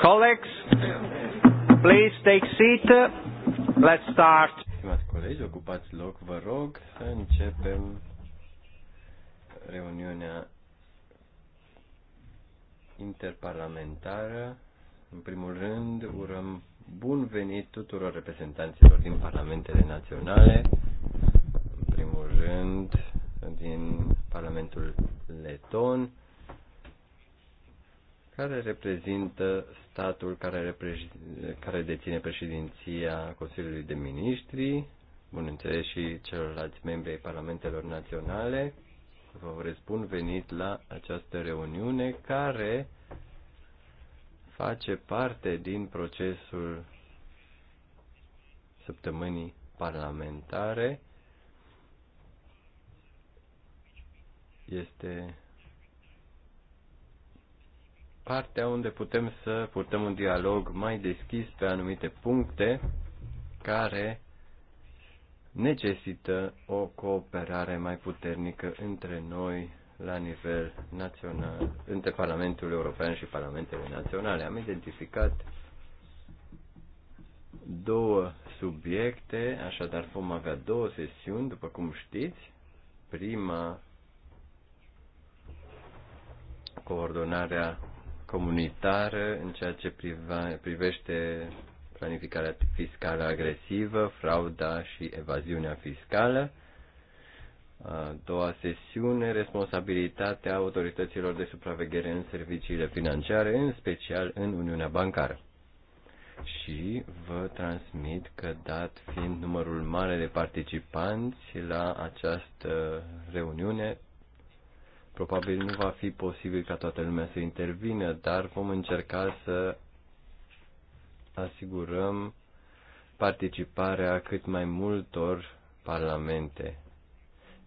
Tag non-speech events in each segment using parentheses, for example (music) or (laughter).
Colleagues, please take seat. Let's start. Stimați colegi, ocupați loc, vă rog, să începem reuniunea interparlamentară. În primul rând, urăm bun venit tuturor reprezentanților din parlamentele naționale, în primul rând din Parlamentul Leton, care reprezintă statul care, care deține președinția Consiliului de Ministri, bunînțeles și celorlalți membri ai Parlamentelor Naționale. Vă răspund venit la această reuniune care face parte din procesul săptămânii parlamentare este partea unde putem să purtăm un dialog mai deschis pe anumite puncte care necesită o cooperare mai puternică între noi la nivel național, între Parlamentul European și Parlamentele Naționale. Am identificat două subiecte, așadar vom avea două sesiuni, după cum știți. Prima coordonarea comunitară în ceea ce privește planificarea fiscală agresivă, frauda și evaziunea fiscală. A doua sesiune, responsabilitatea autorităților de supraveghere în serviciile financiare, în special în Uniunea Bancară. Și vă transmit că, dat fiind numărul mare de participanți la această reuniune, Probabil nu va fi posibil ca toată lumea să intervină, dar vom încerca să asigurăm participarea cât mai multor parlamente.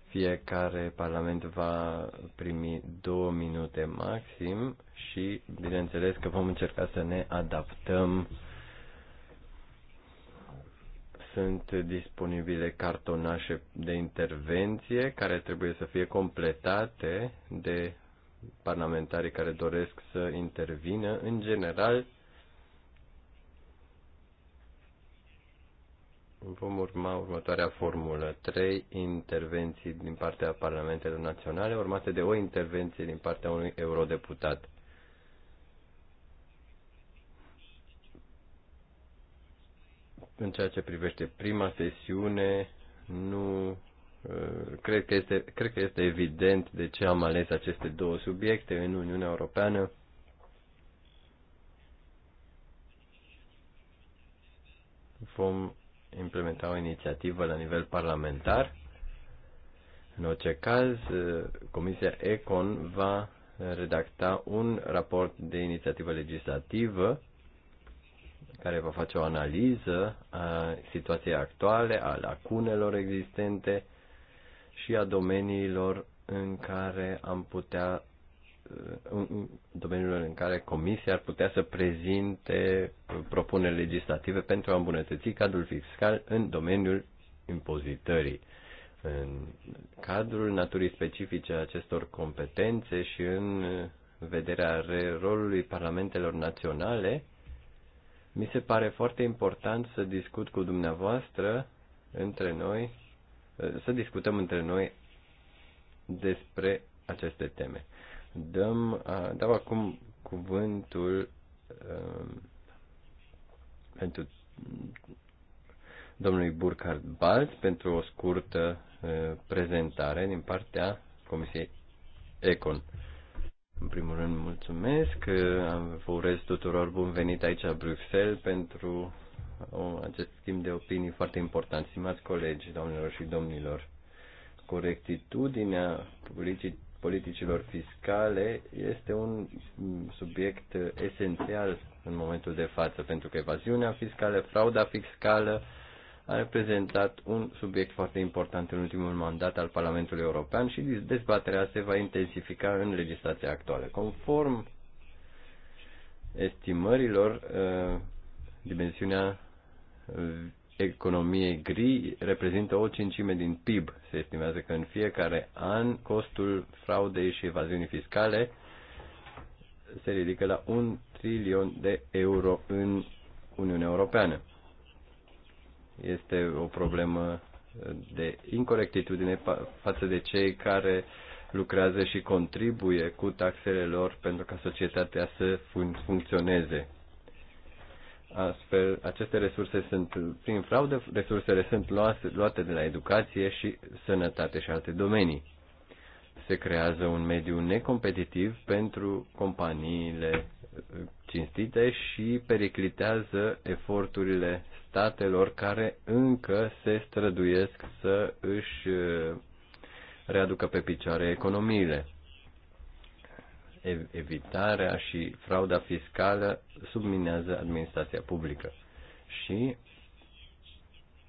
Fiecare parlament va primi două minute maxim și, bineînțeles, că vom încerca să ne adaptăm sunt disponibile cartonașe de intervenție care trebuie să fie completate de parlamentarii care doresc să intervină. În general, vom urma următoarea formulă. Trei intervenții din partea Parlamentelor Naționale, urmate de o intervenție din partea unui eurodeputat. În ceea ce privește prima sesiune, nu uh, cred că este, cred că este evident de ce am ales aceste două subiecte în Uniunea Europeană. Vom implementa o inițiativă la nivel parlamentar. În orice caz, uh, Comisia Econ va redacta un raport de inițiativă legislativă care va face o analiză a situației actuale, a lacunelor existente și a domeniilor în care am putea uh, domeniilor în care Comisia ar putea să prezinte propuneri legislative pentru a îmbunătăți cadrul fiscal în domeniul impozitării. În cadrul naturii specifice a acestor competențe și în vederea rolului parlamentelor naționale, mi se pare foarte important să discut cu dumneavoastră între noi, să discutăm între noi despre aceste teme. Dăm, dau acum cuvântul um, pentru domnului Burkhard Balt pentru o scurtă uh, prezentare din partea Comisiei Econ. În primul rând, mulțumesc. Uh, vă urez tuturor bun venit aici la Bruxelles pentru acest schimb de opinii foarte important. Stimați colegi, domnilor și domnilor, corectitudinea politicilor fiscale este un subiect esențial în momentul de față, pentru că evaziunea fiscală, frauda fiscală, a reprezentat un subiect foarte important în ultimul mandat al Parlamentului European și dezbaterea se va intensifica în legislația actuală. Conform estimărilor, uh, dimensiunea uh, economiei gri reprezintă o cincime din PIB. Se estimează că în fiecare an costul fraudei și evaziunii fiscale se ridică la un trilion de euro în Uniunea Europeană. Este o problemă de incorectitudine față de cei care lucrează și contribuie cu taxele lor pentru ca societatea să fun- funcționeze. Astfel, aceste resurse sunt, prin fraudă, resursele sunt luase, luate de la educație și sănătate și alte domenii. Se creează un mediu necompetitiv pentru companiile cinstite și periclitează eforturile statelor care încă se străduiesc să își uh, readucă pe picioare economiile. Evitarea și frauda fiscală subminează administrația publică și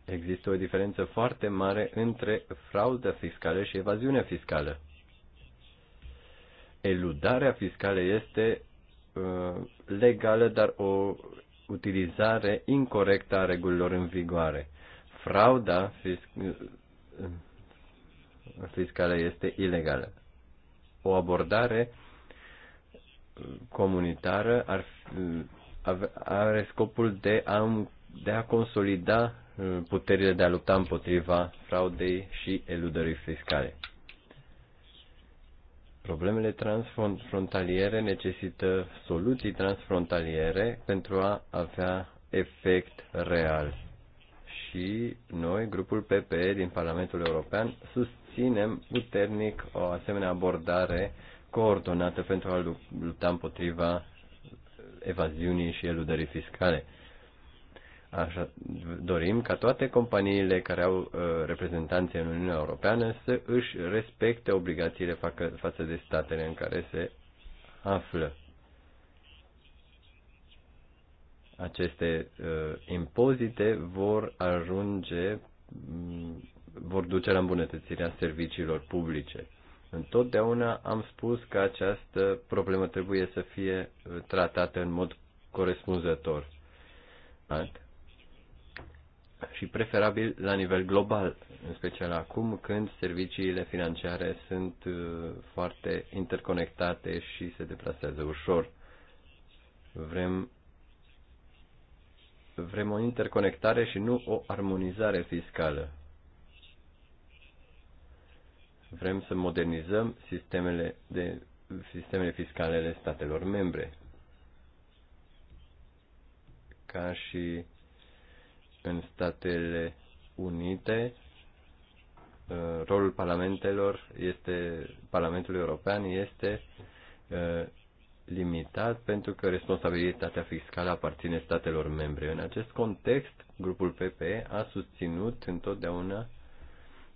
există o diferență foarte mare între frauda fiscală și evaziunea fiscală eludarea fiscală este Uh, legală, dar o utilizare incorrectă a regulilor în vigoare. Frauda uh, fiscală este ilegală. O abordare comunitară ar, are scopul de a, de a consolida uh, puterile de a lupta împotriva fraudei și eludării fiscale. Problemele transfrontaliere necesită soluții transfrontaliere pentru a avea efect real. Și noi, grupul PPE din Parlamentul European, susținem puternic o asemenea abordare coordonată pentru a lupta împotriva evaziunii și eludării fiscale. Așa, dorim ca toate companiile care au uh, reprezentanțe în Uniunea Europeană să își respecte obligațiile facă, față de statele în care se află. Aceste uh, impozite vor ajunge, mm, vor duce la îmbunătățirea serviciilor publice. Întotdeauna am spus că această problemă trebuie să fie uh, tratată în mod corespunzător și preferabil la nivel global, în special acum când serviciile financiare sunt uh, foarte interconectate și se deplasează ușor. Vrem vrem o interconectare și nu o armonizare fiscală. Vrem să modernizăm sistemele, de, sistemele fiscale ale statelor membre. Ca și în Statele Unite, uh, rolul parlamentelor este, Parlamentul European este uh, limitat pentru că responsabilitatea fiscală aparține statelor membre. În acest context, grupul PPE a susținut întotdeauna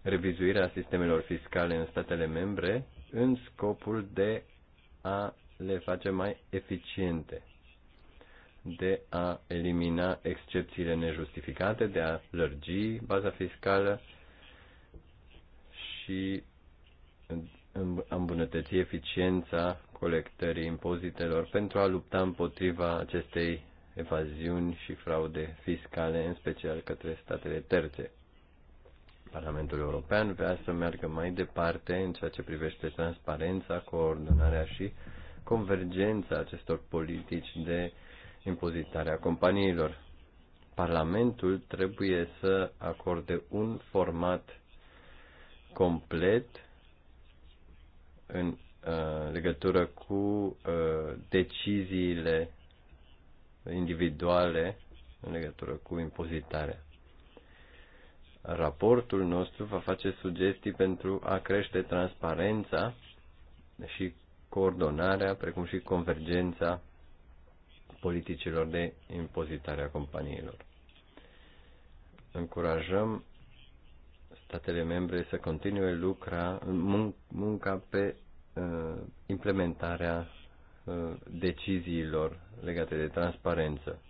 revizuirea sistemelor fiscale în statele membre în scopul de a le face mai eficiente de a elimina excepțiile nejustificate, de a lărgi baza fiscală și îmbunătăți eficiența colectării impozitelor pentru a lupta împotriva acestei evaziuni și fraude fiscale, în special către statele terțe. Parlamentul European vrea să meargă mai departe în ceea ce privește transparența, coordonarea și convergența acestor politici de impozitarea companiilor. Parlamentul trebuie să acorde un format complet în uh, legătură cu uh, deciziile individuale în legătură cu impozitarea. Raportul nostru va face sugestii pentru a crește transparența și coordonarea, precum și convergența politicilor de impozitare a companiilor. Încurajăm statele membre să continue lucra, munca pe uh, implementarea uh, deciziilor legate de transparență.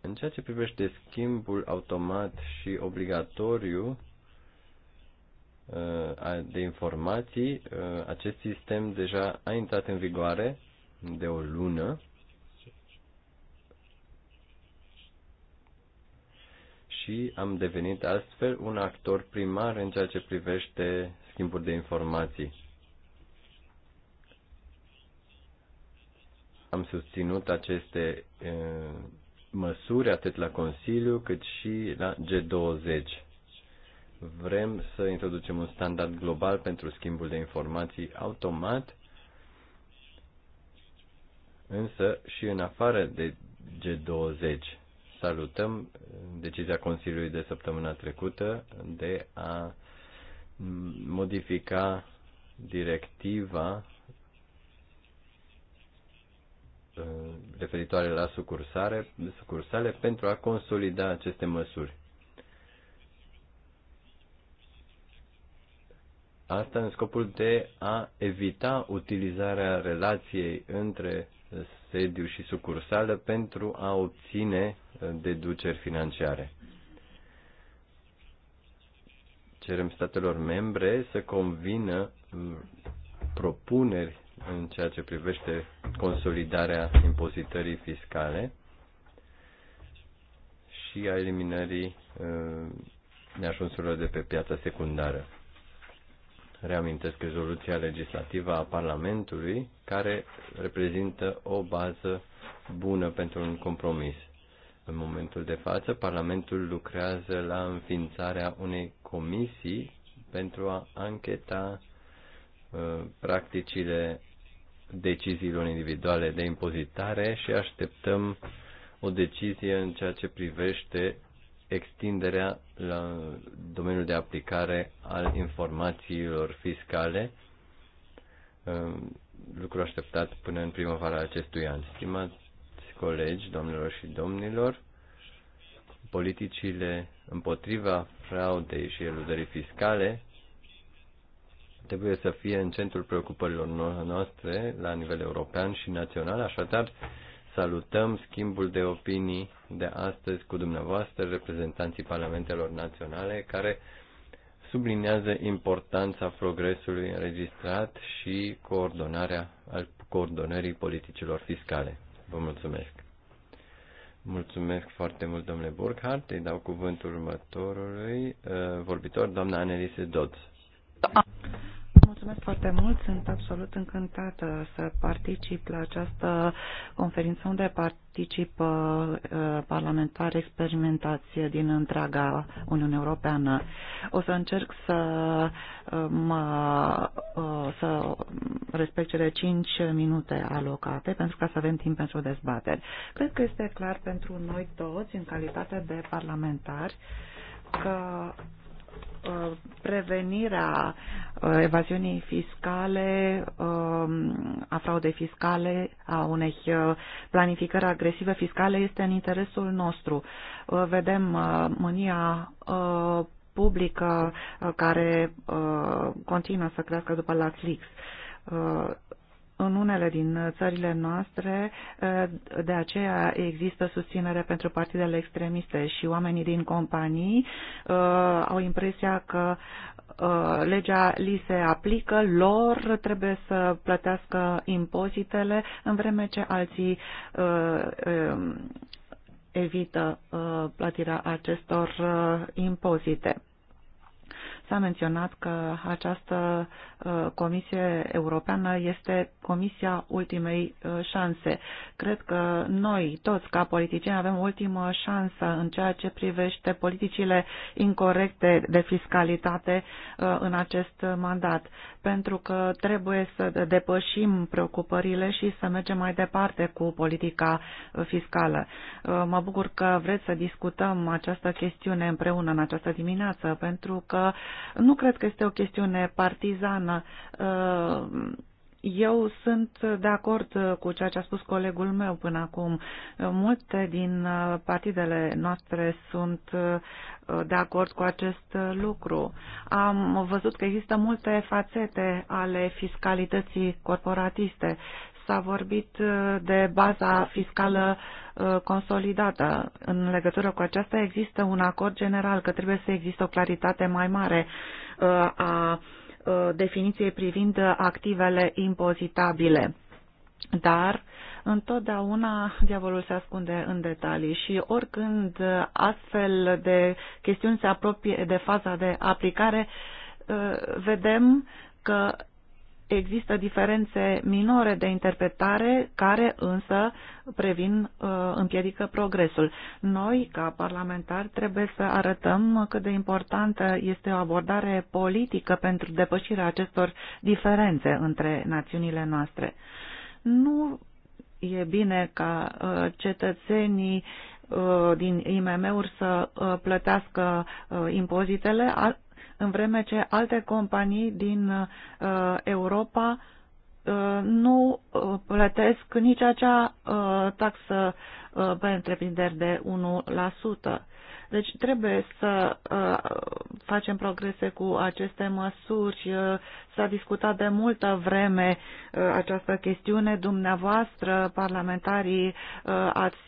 În ceea ce privește schimbul automat și obligatoriu uh, de informații, uh, acest sistem deja a intrat în vigoare de o lună și am devenit astfel un actor primar în ceea ce privește schimbul de informații. Am susținut aceste e, măsuri atât la Consiliu cât și la G20. Vrem să introducem un standard global pentru schimbul de informații automat însă și în afară de G20. Salutăm decizia Consiliului de săptămâna trecută de a modifica directiva uh, referitoare la sucursare, sucursale pentru a consolida aceste măsuri. Asta în scopul de a evita utilizarea relației între sediu și sucursală pentru a obține uh, deduceri financiare. Cerem statelor membre să convină mm, propuneri în ceea ce privește consolidarea impozitării fiscale și a eliminării uh, neajunsurilor de pe piața secundară reamintesc rezoluția legislativă a Parlamentului, care reprezintă o bază bună pentru un compromis. În momentul de față, Parlamentul lucrează la înființarea unei comisii pentru a ancheta uh, practicile deciziilor individuale de impozitare și așteptăm o decizie în ceea ce privește extinderea la domeniul de aplicare al informațiilor fiscale, um, lucru așteptat până în primăvara acestui an. Stimați colegi, domnilor și domnilor, politicile împotriva fraudei și eludării fiscale trebuie să fie în centrul preocupărilor noastre la nivel european și național, așadar Salutăm schimbul de opinii de astăzi cu dumneavoastră, reprezentanții parlamentelor naționale, care sublinează importanța progresului înregistrat și coordonarea al coordonării politicilor fiscale. Vă mulțumesc. Mulțumesc foarte mult, domnule Burkhardt. Îi dau cuvântul următorului uh, vorbitor, doamna Annelise Dodds. Mulțumesc foarte mult. Sunt absolut încântată să particip la această conferință unde participă uh, parlamentari experimentați din întreaga Uniune Europeană. O să încerc să, uh, mă, uh, să respect cele 5 minute alocate pentru ca să avem timp pentru dezbateri. Cred că este clar pentru noi toți, în calitate de parlamentari, că Uh, prevenirea uh, evaziunii fiscale, um, a fraudei fiscale, a unei uh, planificări agresive fiscale este în interesul nostru. Vedem mânia publică care continuă să crească după la clix în unele din țările noastre, eh, de aceea există susținere pentru partidele extremiste și oamenii din companii eh, au impresia că eh, legea li se aplică, lor trebuie să plătească impozitele, în vreme ce alții evită plătirea acestor impozite. S-a menționat că această uh, Comisie Europeană este Comisia Ultimei uh, Șanse. Cred că noi toți, ca politicieni, avem ultimă șansă în ceea ce privește politicile incorrecte de fiscalitate uh, în acest mandat, pentru că trebuie să depășim preocupările și să mergem mai departe cu politica fiscală. Mă bucur că vreți să discutăm această chestiune împreună în această dimineață, pentru că nu cred că este o chestiune partizană. Eu sunt de acord cu ceea ce a spus colegul meu până acum. Multe din partidele noastre sunt de acord cu acest lucru. Am văzut că există multe fațete ale fiscalității corporatiste S-a vorbit uh, de baza fiscală uh, consolidată. În legătură cu aceasta există un acord general că trebuie să există o claritate mai mare uh, a definiției privind activele impozitabile. Dar întotdeauna diavolul se ascunde în detalii și oricând astfel de chestiuni se apropie de faza de aplicare, vedem că există diferențe minore de interpretare care însă previn, uh, împiedică progresul. Noi, ca parlamentari, trebuie să arătăm cât de importantă este o abordare politică pentru depășirea acestor diferențe între națiunile noastre. Nu e bine ca uh, cetățenii uh, din IMM-uri să plătească impozitele, în vreme ce alte companii din uh, Europa uh, nu uh, plătesc nici acea taxă pe întreprinderi de 1%. Deci trebuie să facem progrese cu aceste măsuri. S-a discutat de multă vreme această chestiune. Dumneavoastră, parlamentarii, ați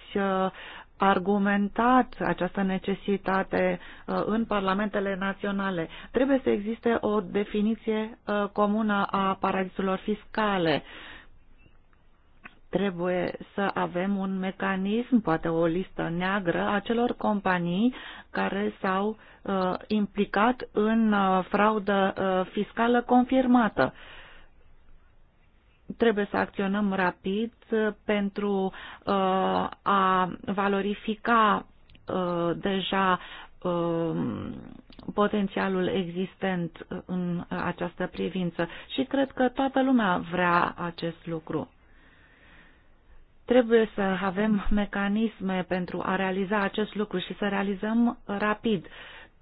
argumentat această necesitate uh, în parlamentele naționale. Trebuie să existe o definiție uh, comună a paradisurilor fiscale. Trebuie să avem un mecanism, poate o listă neagră, a celor companii care s-au uh, implicat în fraudă fiscală confirmată trebuie să acționăm rapid uh, pentru uh, a valorifica uh, deja um, potențialul existent în această privință și cred că toată lumea vrea acest lucru. Trebuie să avem mecanisme pentru a realiza acest lucru și să realizăm rapid. Uh,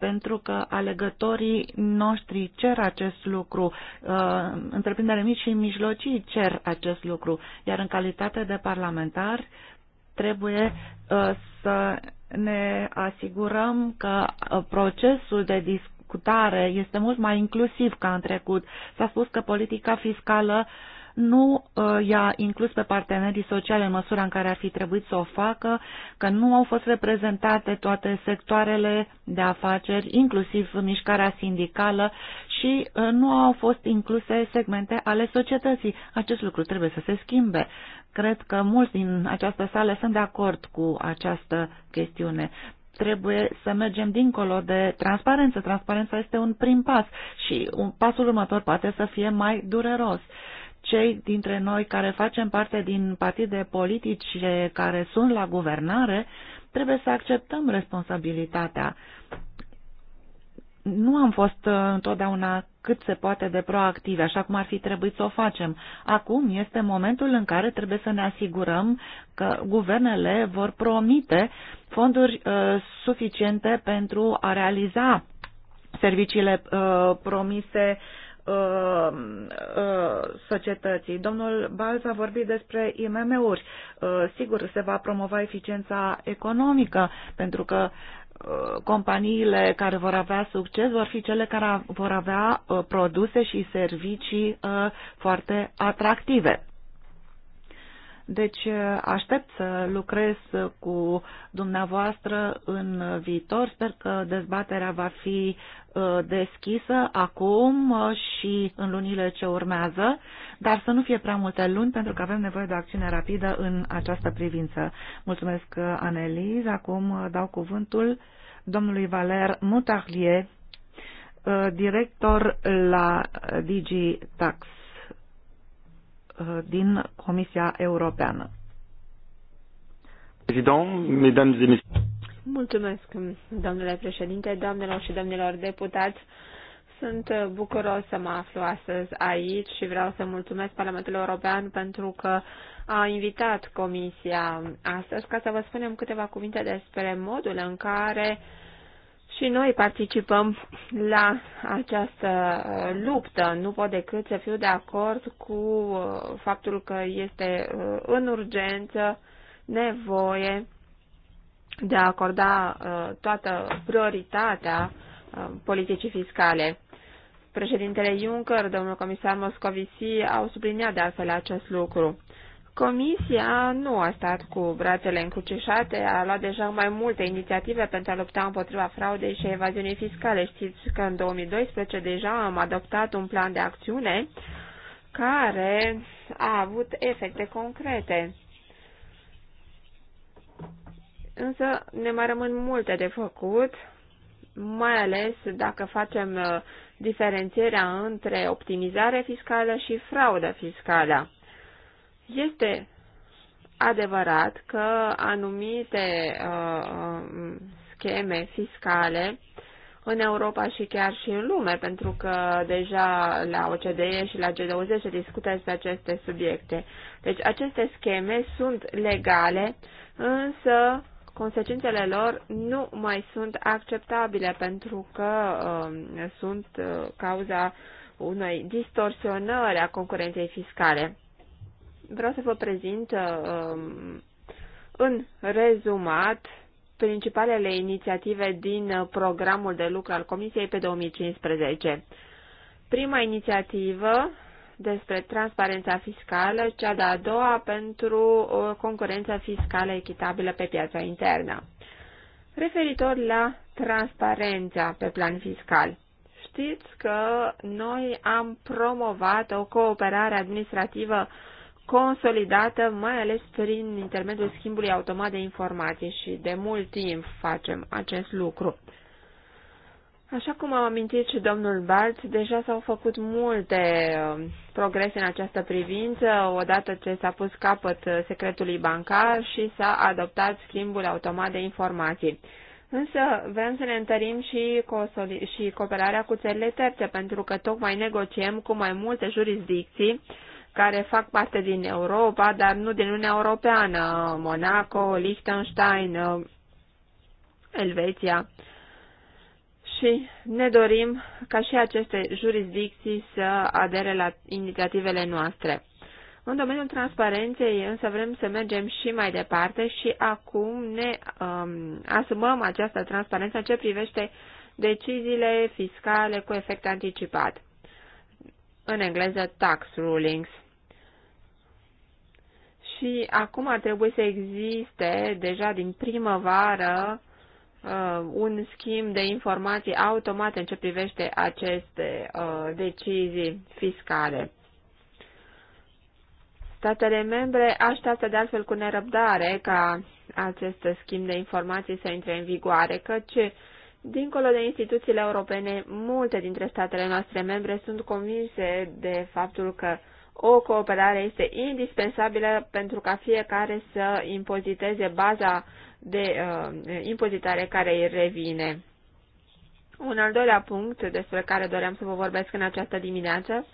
pentru că alegătorii noștri cer acest lucru, uh, întreprindere mici și mijlocii cer acest lucru, iar în calitate de parlamentar trebuie uh, să ne asigurăm că uh, procesul de discutare este mult mai inclusiv ca în trecut. S-a spus că politica fiscală uh, nu uh, i-a inclus pe partenerii sociale în măsura în care ar fi trebuit să o facă, că nu au fost reprezentate toate sectoarele de afaceri, inclusiv mișcarea sindicală și uh, nu au fost incluse segmente ale societății. Acest lucru trebuie să se schimbe. Cred că mulți din această sală sunt de acord cu această chestiune trebuie să mergem dincolo de transparență. Transparența este un prim pas și un pasul următor poate să fie mai dureros. Uh, cei dintre noi care facem parte din partide politici care sunt la guvernare, trebuie să acceptăm responsabilitatea. Nu am fost uh, întotdeauna cât se poate de proactive, așa cum ar fi trebuit să o facem. Acum este momentul în care trebuie să ne asigurăm că guvernele vor promite fonduri uh, suficiente pentru a realiza serviciile uh, promise uh, Uh, uh, societății. Domnul Balz a vorbit despre IMM-uri. Uh, sigur, se va promova eficiența economică, pentru că companiile care vor avea succes vor fi cele care vor avea produse și servicii foarte atractive. Deci uh, aștept să lucrez cu dumneavoastră în viitor. Sper că dezbaterea va fi uh, deschisă acum uh, și în lunile ce urmează, dar să nu fie prea multe luni pentru că avem nevoie de o acțiune rapidă în această privință. Mulțumesc, Aneliz. Acum dau cuvântul domnului Valer Mutarlier, director la DigiTax. Uh, din Comisia Europeană. Mulțumesc, domnule președinte, doamnelor și domnilor deputați. Sunt bucuros să mă aflu astăzi aici și vreau să mulțumesc Parlamentul European pentru că a invitat Comisia astăzi ca să vă spunem câteva cuvinte despre modul în care uh, și noi participăm la această uh, luptă. Nu pot decât să fiu de acord cu uh, faptul că este uh, în urgență nevoie de a acorda toată prioritatea politicii fiscale. Președintele Juncker, domnul comisar Moscovici au subliniat de altfel acest lucru. Comisia nu a stat cu brațele încrucișate, a luat deja mai multe inițiative pentru a lupta împotriva fraudei și evaziunii fiscale. Știți că în 2012 deja am adoptat un plan de acțiune care a avut efecte concrete. Însă ne mai rămân multe de făcut, mai ales dacă facem uh, diferențierea între optimizare fiscală și fraudă fiscală. Este adevărat că anumite uh, scheme fiscale în Europa și chiar și în lume, pentru că deja la OCDE și la G20 se discută despre aceste subiecte. Deci aceste scheme sunt legale, însă consecințele lor nu mai sunt acceptabile pentru că uh, sunt uh, cauza unei distorsionări a concurenței fiscale vreau să vă prezint um, în rezumat principalele inițiative din programul de lucru al Comisiei pe 2015. Prima inițiativă despre transparența fiscală, cea de-a doua pentru o uh, concurență fiscală echitabilă pe piața internă. Referitor la transparența pe plan fiscal, știți că noi am promovat o cooperare administrativă consolidată, mai ales prin intermediul schimbului automat de informații și de mult timp facem acest lucru. Așa cum am amintit și domnul Bart, deja s-au făcut multe uh, progrese în această privință, odată ce s-a pus capăt secretului bancar și s-a adoptat schimbul automat de informații. Însă vrem să ne întărim și, și cooperarea cu țările terțe, pentru că tocmai negociem cu mai multe jurisdicții care fac parte din Europa, dar nu din Uniunea Europeană, Monaco, Liechtenstein, Elveția. Și ne dorim ca și aceste jurisdicții să adere la inițiativele noastre. În domeniul transparenței însă vrem să mergem și mai departe și acum ne um, asumăm această transparență în ce privește deciziile fiscale cu efect anticipat. În engleză, tax rulings. Și acum ar trebui să existe deja din primăvară uh, un schimb de informații automat în ce privește aceste uh, decizii fiscale. Statele membre așteaptă de altfel cu nerăbdare ca acest schimb de informații să intre în vigoare, căci, dincolo de instituțiile europene, multe dintre statele noastre membre sunt convinse de faptul că o cooperare este indispensabilă pentru ca fiecare să impoziteze baza de uh, impozitare care îi revine. Un al doilea punct despre care doream să vă vorbesc în această dimineață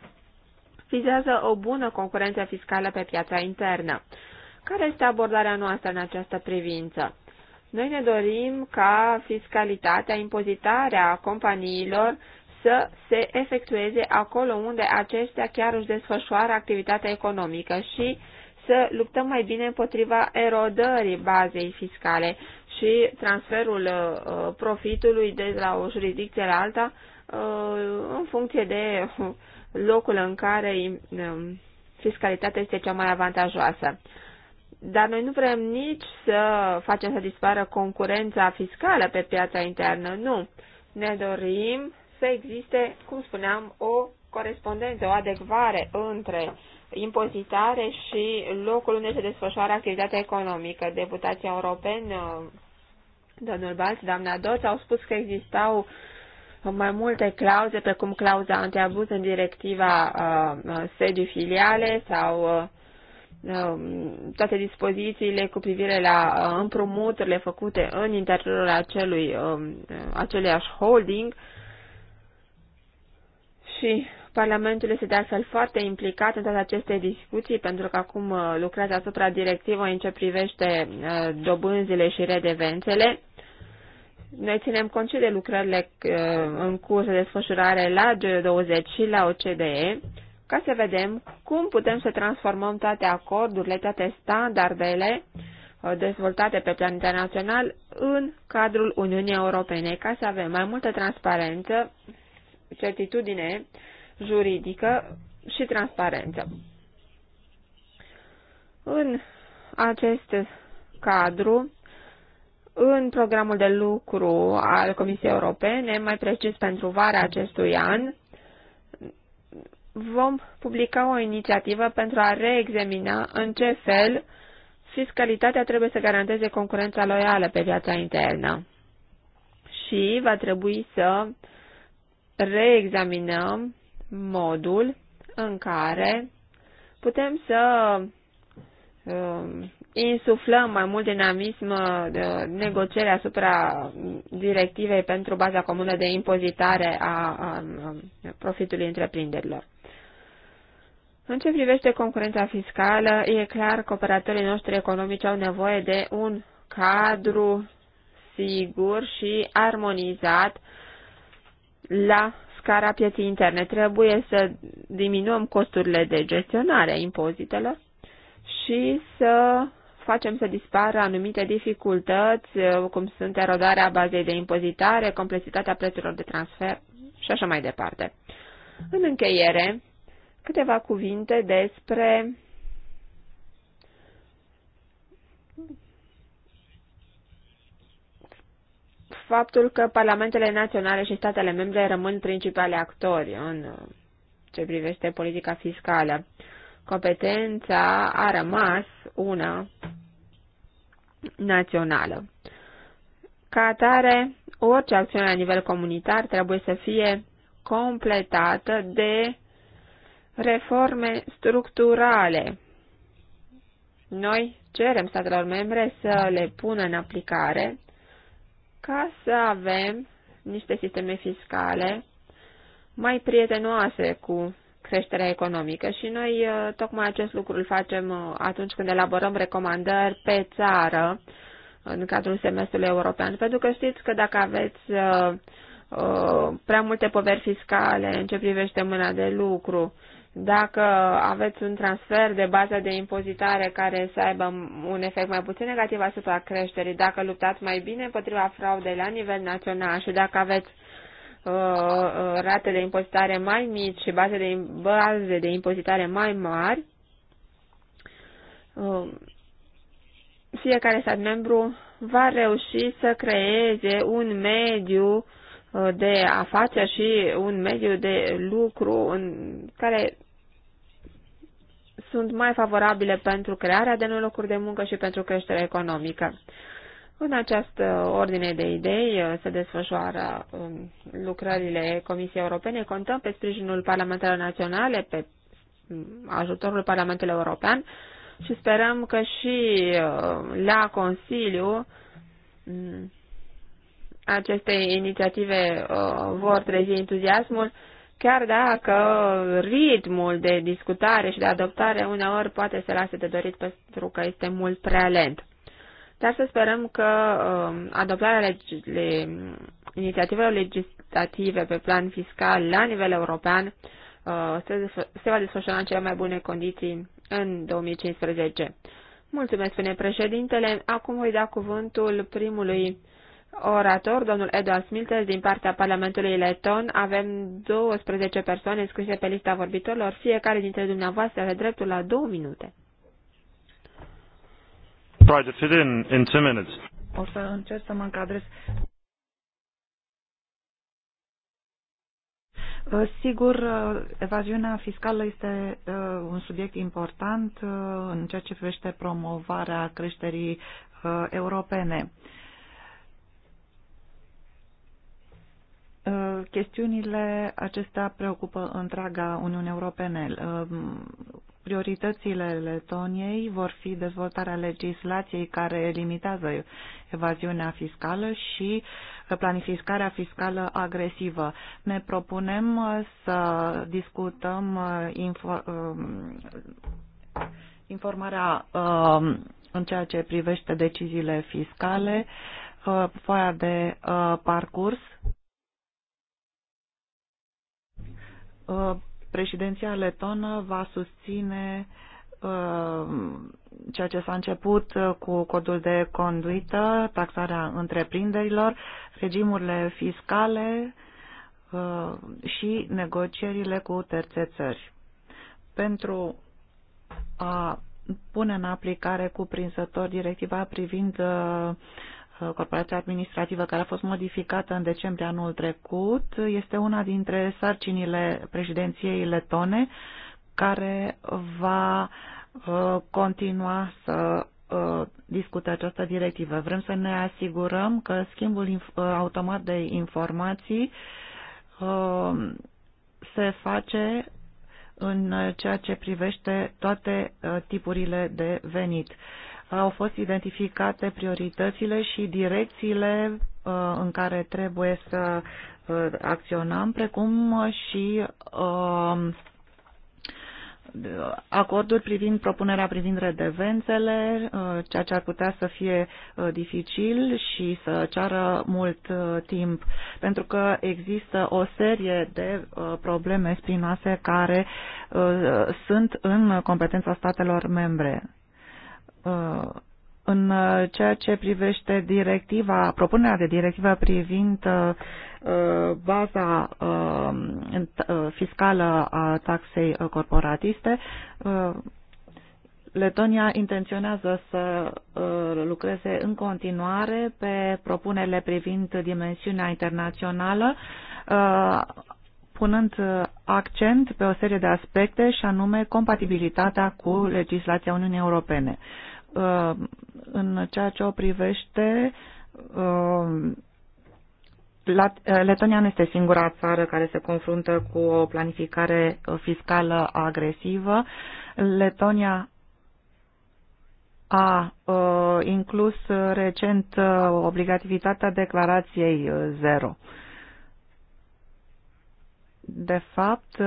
vizează o bună concurență fiscală pe piața internă. Care este abordarea noastră în această privință? Noi ne dorim ca fiscalitatea, impozitarea companiilor să se efectueze acolo unde acestea chiar își desfășoară activitatea economică și să luptăm mai bine împotriva erodării bazei fiscale și transferul uh, profitului de la o jurisdicție la alta uh, în funcție de uh, locul în care um, fiscalitatea este cea mai avantajoasă. Dar noi nu vrem nici să facem să dispară concurența fiscală pe piața internă, nu. Ne dorim să existe, cum spuneam, o corespondență, o adecvare între impozitare și locul unde se desfășoară activitatea economică. Deputații europeni, uh, domnul Balț, doamna Doț, au spus că existau mai multe clauze, precum clauza antiabuz în directiva uh, uh sediu filiale sau uh, um, toate dispozițiile cu privire la uh, împrumuturile făcute în interiorul acelui, uh, aceleiași holding, uh, și Parlamentul este de altfel foarte implicat în toate aceste discuții, pentru că acum uh, lucrează asupra directivei în ce privește uh, dobânzile și redevențele. Noi ținem cont și de lucrările uh, în curs de desfășurare la G20 și la OCDE, ca să vedem cum putem să transformăm toate acordurile, toate standardele dezvoltate pe plan internațional în cadrul Uniunii Europene, ca să avem mai multă transparență certitudine juridică și transparență. În acest cadru, în programul de lucru al Comisiei Europene, mai precis pentru vara acestui an, vom publica o inițiativă pentru a reexamina în ce fel fiscalitatea trebuie să garanteze concurența loială pe piața internă. Și va trebui să uh, reexaminăm modul în care putem să uh, insuflăm mai mult dinamism de negociere asupra directivei pentru baza comună de impozitare a, a profitului întreprinderilor. În ce privește concurența fiscală, e clar că operatorii noștri economici au nevoie de un cadru sigur și armonizat la scara pieții interne. Trebuie să diminuăm costurile de gestionare a impozitelor și să facem să dispară anumite dificultăți, cum sunt erodarea bazei de impozitare, complexitatea prețurilor de transfer și așa mai departe. În încheiere, câteva cuvinte despre faptul că parlamentele naționale și statele membre rămân principale actori în uh, ce privește politica fiscală. Competența a rămas una națională. Ca atare, orice acțiune la nivel comunitar trebuie să fie completată de reforme structurale. Noi cerem statelor membre să le pună în aplicare ca să avem niște sisteme fiscale mai prietenoase cu creșterea economică și noi uh, tocmai acest lucru îl facem uh, atunci când elaborăm recomandări pe țară în cadrul semestrului european, pentru că știți că dacă aveți uh, prea multe poveri fiscale în ce privește mâna de lucru dacă aveți un transfer de bază de impozitare care să aibă un efect mai puțin negativ asupra creșterii, dacă luptați mai bine împotriva fraudei la nivel național și dacă aveți uh, uh rate de impozitare mai mici și baze de, baze de impozitare mai mari, uh, fiecare stat membru va reuși să creeze un mediu de afaceri și un mediu de lucru în care sunt mai favorabile pentru crearea de noi locuri de muncă și pentru creșterea economică. În această ordine de idei uh, se desfășoară um, lucrările Comisiei Europene. Contăm pe sprijinul Parlamentelor Naționale, pe um, ajutorul Parlamentului European și sperăm că și uh, la Consiliu um, aceste inițiative uh, vor trezi entuziasmul, chiar dacă ritmul de discutare și de adoptare uneori poate să lase de dorit pentru că este mult prea lent. Dar să sperăm că um, adoptarea leg- le, inițiativelor legislative pe plan fiscal la nivel european uh, se, se va desfășura în cele mai bune condiții în 2015. Mulțumesc, spune președintele. Acum voi da cuvântul primului orator, domnul Eduard Smiltes, din partea Parlamentului Leton. Avem 12 persoane scrise pe lista vorbitorilor. Fiecare dintre dumneavoastră are dreptul la două minute. Try to fit in in two minutes. O să încerc să mă încadrez. Uh, sigur, uh, evaziunea fiscală este uh, un subiect important în ceea ce privește promovarea creșterii europene. Ă, chestiunile acestea preocupă întreaga Uniune Europene. Ă, prioritățile Letoniei vor fi dezvoltarea legislației care limitează evaziunea fiscală și planificarea fiscală agresivă. Ne propunem să discutăm ă, informarea în ceea ce privește deciziile fiscale, foaia de parcurs Uh, președinția letonă va susține uh, ceea ce s-a început uh, cu codul de conduită, taxarea întreprinderilor, regimurile fiscale și negocierile cu terțe țări. Pentru a pune în aplicare cuprinzător directiva privind Uh, corporația administrativă care a fost modificată în decembrie anul trecut, este una dintre sarcinile președinției letone care va uh, continua să uh, discute această directivă. Vrem să ne asigurăm că schimbul automat de informații se face în ceea ce privește toate tipurile de venit au fost identificate prioritățile și direcțiile uh, în care trebuie să uh, acționăm, precum și uh, acorduri privind propunerea privind redevențele, ceea ce ar putea să fie dificil și să ceară mult timp, pentru că există o serie de probleme spinoase care sunt în competența statelor membre. Uh, în uh, ceea ce privește directiva, propunerea de directivă privind uh, baza fiscală a taxei corporatiste, Letonia intenționează să lucreze în continuare pe propunerile privind dimensiunea internațională punând uh, accent pe o serie de aspecte și anume compatibilitatea cu legislația Uniunii Europene. Uh, în ceea ce o privește, uh, Letonia nu este singura țară care se confruntă cu o planificare fiscală agresivă. Letonia a inclus recent obligativitatea declarației zero. Uh, de fapt,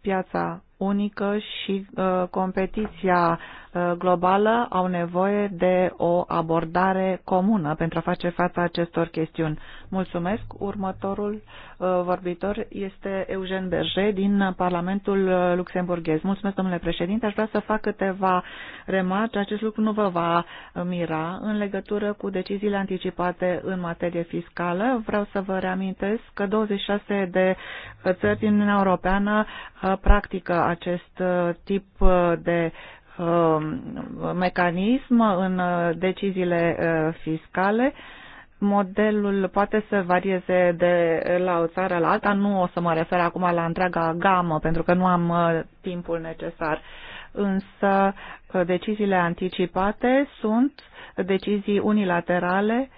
piața unică și uh, competiția Uh, globală au nevoie de o abordare comună pentru a face față acestor chestiuni. Mulțumesc. Următorul uh, vorbitor este Eugen Berger din Parlamentul uh, luxemburghez. Mulțumesc, domnule președinte. Aș vrea să fac câteva remarci. Acest lucru nu vă va mira în legătură cu deciziile anticipate în materie fiscală. Vreau să vă reamintesc că 26 de țări din Uniunea Europeană practică acest tip de Um, mecanism în uh, deciziile uh, fiscale. Modelul poate să varieze de la o țară la alta. Nu o să mă refer acum la întreaga gamă, pentru că nu am uh, timpul necesar. Însă deciziile anticipate sunt decizii unilaterale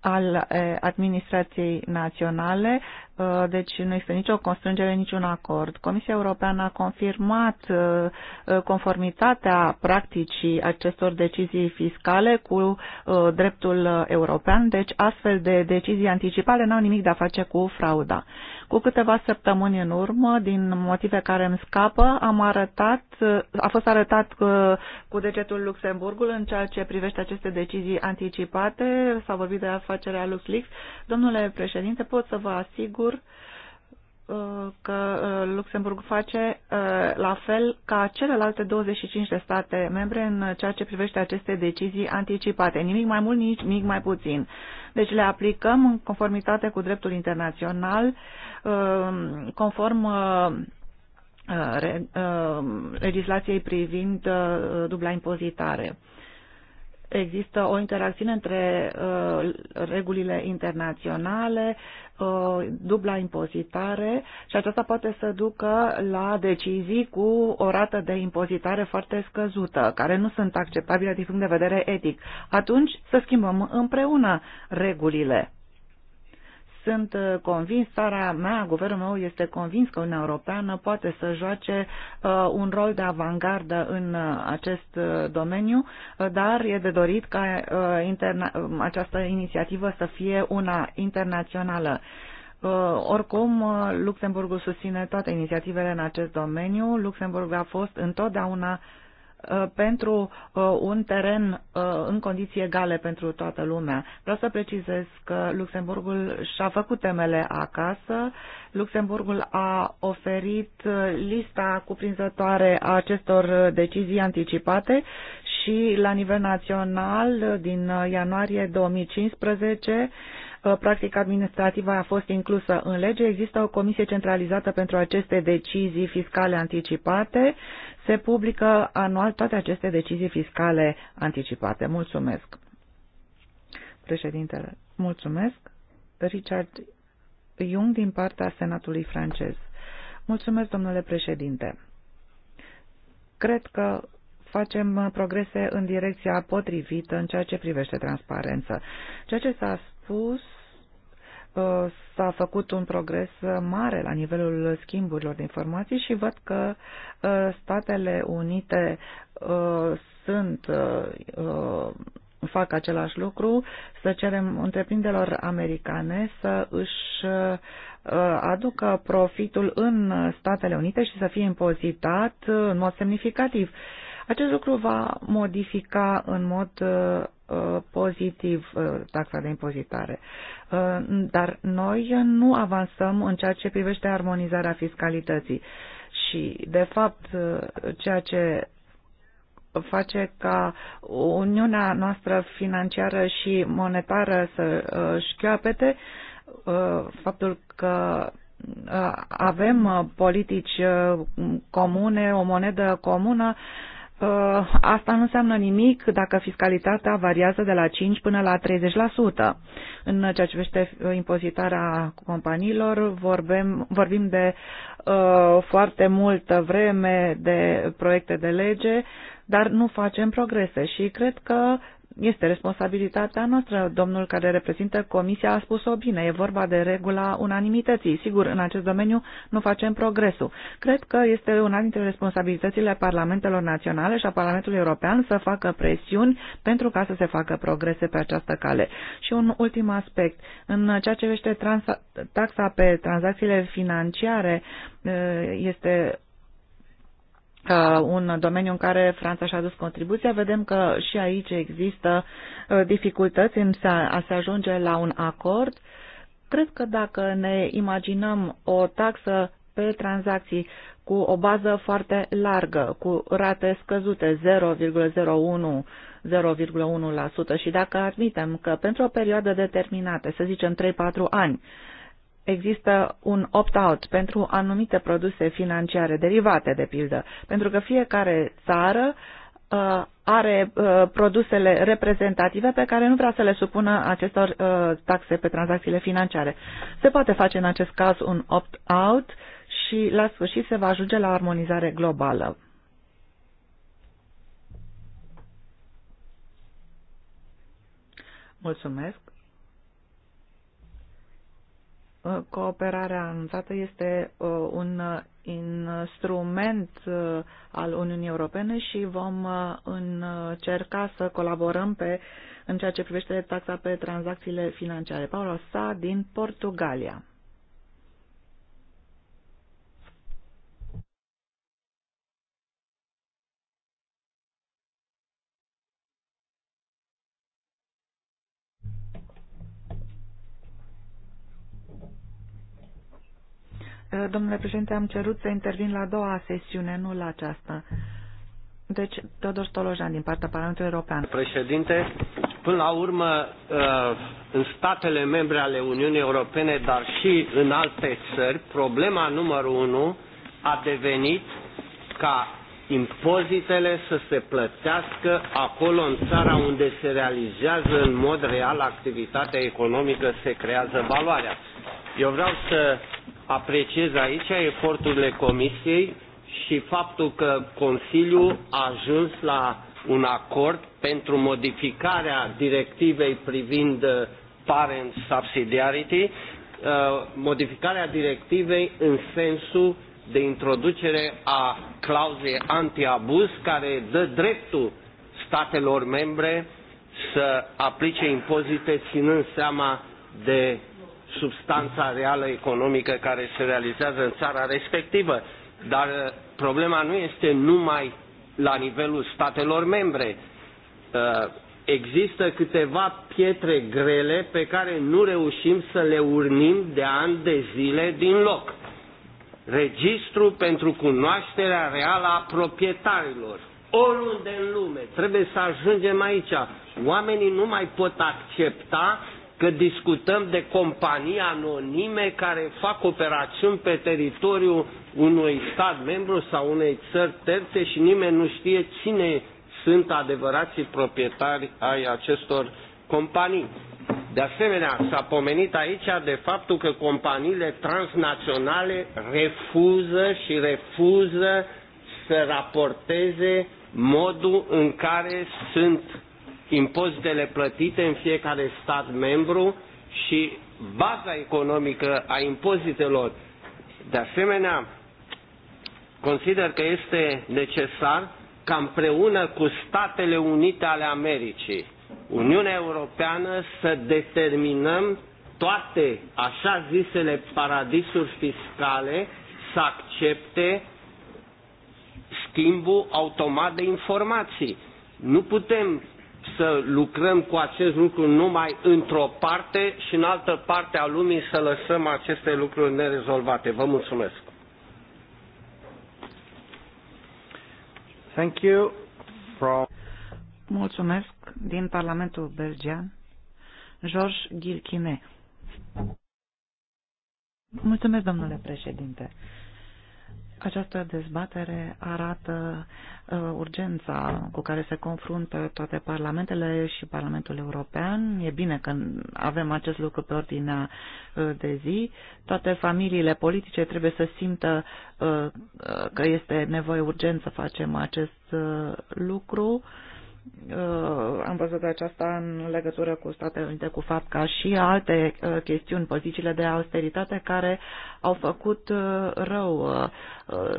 al administrației naționale Uh, deci nu este nicio constrângere, niciun acord. Comisia Europeană a confirmat uh, uh, conformitatea practicii acestor decizii fiscale cu dreptul european, deci astfel de decizii anticipale n-au nimic de a face cu frauda. Cu câteva săptămâni în urmă, din motive care îmi scapă, am arătat, a fost arătat cu, cu degetul Luxemburgul în ceea ce privește aceste decizii anticipate, s-a vorbit de afacerea LuxLeaks. Domnule președinte, pot să vă asigur bucur uh, că uh, Luxemburg face uh, la fel ca celelalte 25 de state membre în ceea ce privește aceste decizii anticipate. Nimic mai mult, nici nimic mai puțin. Deci le aplicăm în conformitate cu dreptul internațional, conform legislației privind dubla impozitare există o interacțiune între uh, regulile internaționale, uh, dubla impozitare și aceasta poate să ducă la decizii cu o rată de impozitare foarte scăzută, care nu sunt acceptabile din punct de vedere etic. Atunci să schimbăm împreună regulile sunt uh, convins, țara mea, guvernul meu este convins că Uniunea Europeană poate să joace uh, un rol de avangardă în uh, acest domeniu, dar e de dorit ca această inițiativă să fie una internațională. Oricum, Luxemburgul susține toate inițiativele în acest domeniu. Luxemburg a fost întotdeauna Uh, pentru uh, un teren uh, în condiții egale pentru toată lumea. Vreau să precizez că Luxemburgul și-a făcut temele acasă. Luxemburgul a oferit lista cuprinzătoare a acestor decizii anticipate și la nivel național din ianuarie 2015 Uh, practic administrativă a fost inclusă în lege. Există o comisie centralizată pentru aceste decizii fiscale anticipate. Se publică anual toate aceste decizii fiscale anticipate. Mulțumesc. Președintele, mulțumesc. Richard Jung din partea Senatului francez. Mulțumesc, domnule președinte. Cred că facem progrese în direcția potrivită în ceea ce privește transparență. Ceea ce s-a spus, uh, s-a făcut un progres mare la nivelul schimburilor de informații și văd că uh, Statele Unite uh, sunt fac același lucru, să cerem întreprinderilor americane să își aducă profitul în Statele Unite și să fie impozitat în mod semnificativ. Acest lucru va modifica în mod Uh, pozitiv uh, taxa de impozitare. Uh, dar noi nu avansăm în ceea ce privește armonizarea fiscalității. Și, de fapt, ceea ce face ca Uniunea noastră financiară și monetară să își chiapete faptul că avem politici comune, o monedă comună, Uh, asta nu înseamnă nimic dacă fiscalitatea variază de la 5 până la 30%. În ceea ce privește uh, impozitarea companiilor, vorbim, vorbim de uh, foarte multă vreme de proiecte de lege, dar nu facem progrese și cred că este responsabilitatea noastră. Domnul care reprezintă Comisia a spus-o bine. E vorba de regula unanimității. Sigur, în acest domeniu nu facem progresul. Cred că este una dintre responsabilitățile Parlamentelor Naționale și a Parlamentului European să facă presiuni pentru ca să se facă progrese pe această cale. Și un ultim aspect. În ceea ce vește taxa pe tranzacțiile financiare, este ca un domeniu în care Franța și-a dus contribuția. Vedem că și aici există uh, dificultăți în a se ajunge la un acord. Cred că dacă ne imaginăm o taxă pe tranzacții cu o bază foarte largă, cu rate scăzute 0,01 0,1% și dacă admitem că pentru o perioadă determinată, să zicem 3-4 ani, există un opt-out pentru anumite produse financiare derivate, de pildă, pentru că fiecare țară uh, are uh, produsele reprezentative pe care nu vrea să le supună acestor uh, taxe pe tranzacțiile financiare. Se poate face în acest caz un opt-out și la sfârșit se va ajunge la armonizare globală. Mulțumesc. Uh, cooperarea anunțată este uh, un uh, instrument al Uniunii Europene și vom încerca să colaborăm pe, în ceea ce privește taxa pe tranzacțiile financiare. Paula Sa din Portugalia. Domnule președinte, am cerut să intervin la a doua sesiune, nu la aceasta. Deci, Teodor Stolojan, din partea Parlamentului European. Președinte, până la urmă, uh, în statele membre ale Uniunii Europene, dar și în alte țări, problema numărul unu a devenit ca impozitele să se plătească acolo în țara unde se realizează în mod real activitatea economică, se creează valoarea. Eu vreau să apreciez aici eforturile Comisiei și faptul că Consiliul a ajuns la un acord pentru modificarea directivei privind uh, parent subsidiarity, uh, modificarea directivei în sensul de introducere a clauzei antiabuz care dă dreptul statelor membre să aplice impozite ținând seama de substanța reală economică care se realizează în țara respectivă. Dar uh, problema nu este numai la nivelul statelor membre. Uh, există câteva pietre grele pe care nu reușim să le urnim de ani de zile din loc. Registru pentru cunoașterea reală a proprietarilor. Oriunde în lume, trebuie să ajungem aici. Oamenii nu mai pot accepta că discutăm de companii anonime care fac operațiuni pe teritoriul unui stat membru sau unei țări terțe și nimeni nu știe cine sunt adevărații proprietari ai acestor companii. De asemenea, s-a pomenit aici de faptul că companiile transnaționale refuză și refuză să raporteze modul în care sunt impozitele plătite în fiecare stat membru și baza economică a impozitelor. De asemenea, consider că este necesar ca împreună cu Statele Unite ale Americii, Uniunea Europeană să determinăm toate așa zisele paradisuri fiscale să accepte schimbul automat de informații. Nu putem să lucrăm cu acest lucru numai într-o parte și în altă parte a lumii să lăsăm aceste lucruri nerezolvate. Vă mulțumesc. Thank you. From... Mulțumesc din Parlamentul Belgian, George Gilchine. Mulțumesc, domnule președinte. Această dezbatere arată uh, urgența cu care se confruntă toate parlamentele și Parlamentul European. E bine că avem acest lucru pe ordinea uh, de zi. Toate familiile politice trebuie să simtă uh, uh că este nevoie urgent să facem acest uh, lucru. Uh, Uh, am văzut aceasta în legătură cu Statele Unite, cu FATCA și alte uh, chestiuni, politicile de austeritate care au făcut uh, rău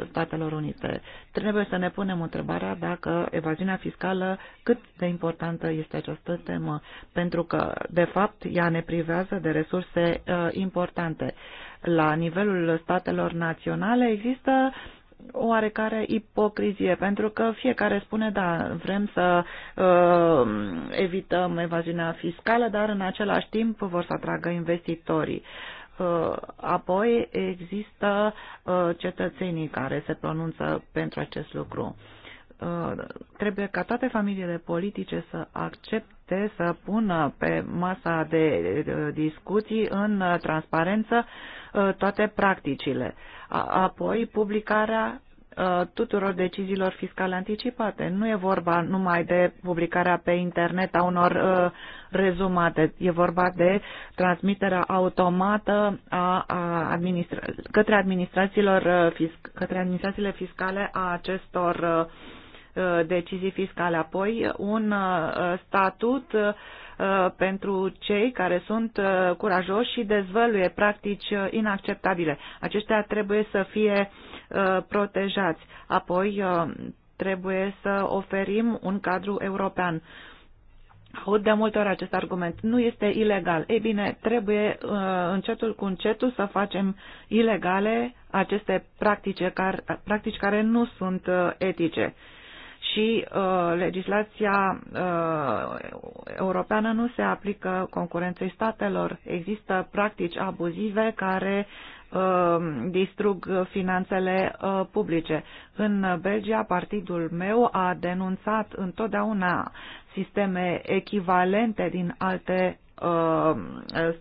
Statelor Unite. Trebuie să ne punem întrebarea dacă evaziunea fiscală, cât de importantă este această temă, pentru că, de fapt, ea ne privează de resurse importante. La nivelul statelor naționale există uh, oarecare ipocrizie, pentru că fiecare spune, da, vrem să uh, evităm evaziunea fiscală, dar în același timp vor să atragă investitorii. Uh, apoi există uh, cetățenii care se pronunță pentru acest lucru. Uh, Uh, trebuie ca toate familiile politice să accepte să pună pe masa de uh, discuții în uh, transparență toate practicile. Apoi, publicarea tuturor deciziilor fiscale anticipate. Nu e vorba numai de publicarea pe internet a unor rezumate, e vorba de transmiterea automată a, a administra- către, administrațiilor fisc- către administrațiile fiscale a acestor uh, Uh, decizii fiscale. Apoi, un uh, statut uh, pentru cei care sunt curajoși și dezvăluie practici inacceptabile. Aceștia trebuie să fie protejați. Apoi, trebuie să oferim un cadru european. Aud de multe ori acest argument. Nu este ilegal. Ei bine, trebuie încetul cu încetul să facem ilegale aceste practici care, practici care nu sunt etice și uh, legislația uh, europeană nu se aplică concurenței statelor. Există practici abuzive care uh, distrug finanțele uh, publice. În Belgia, partidul meu a denunțat întotdeauna sisteme echivalente din alte uh,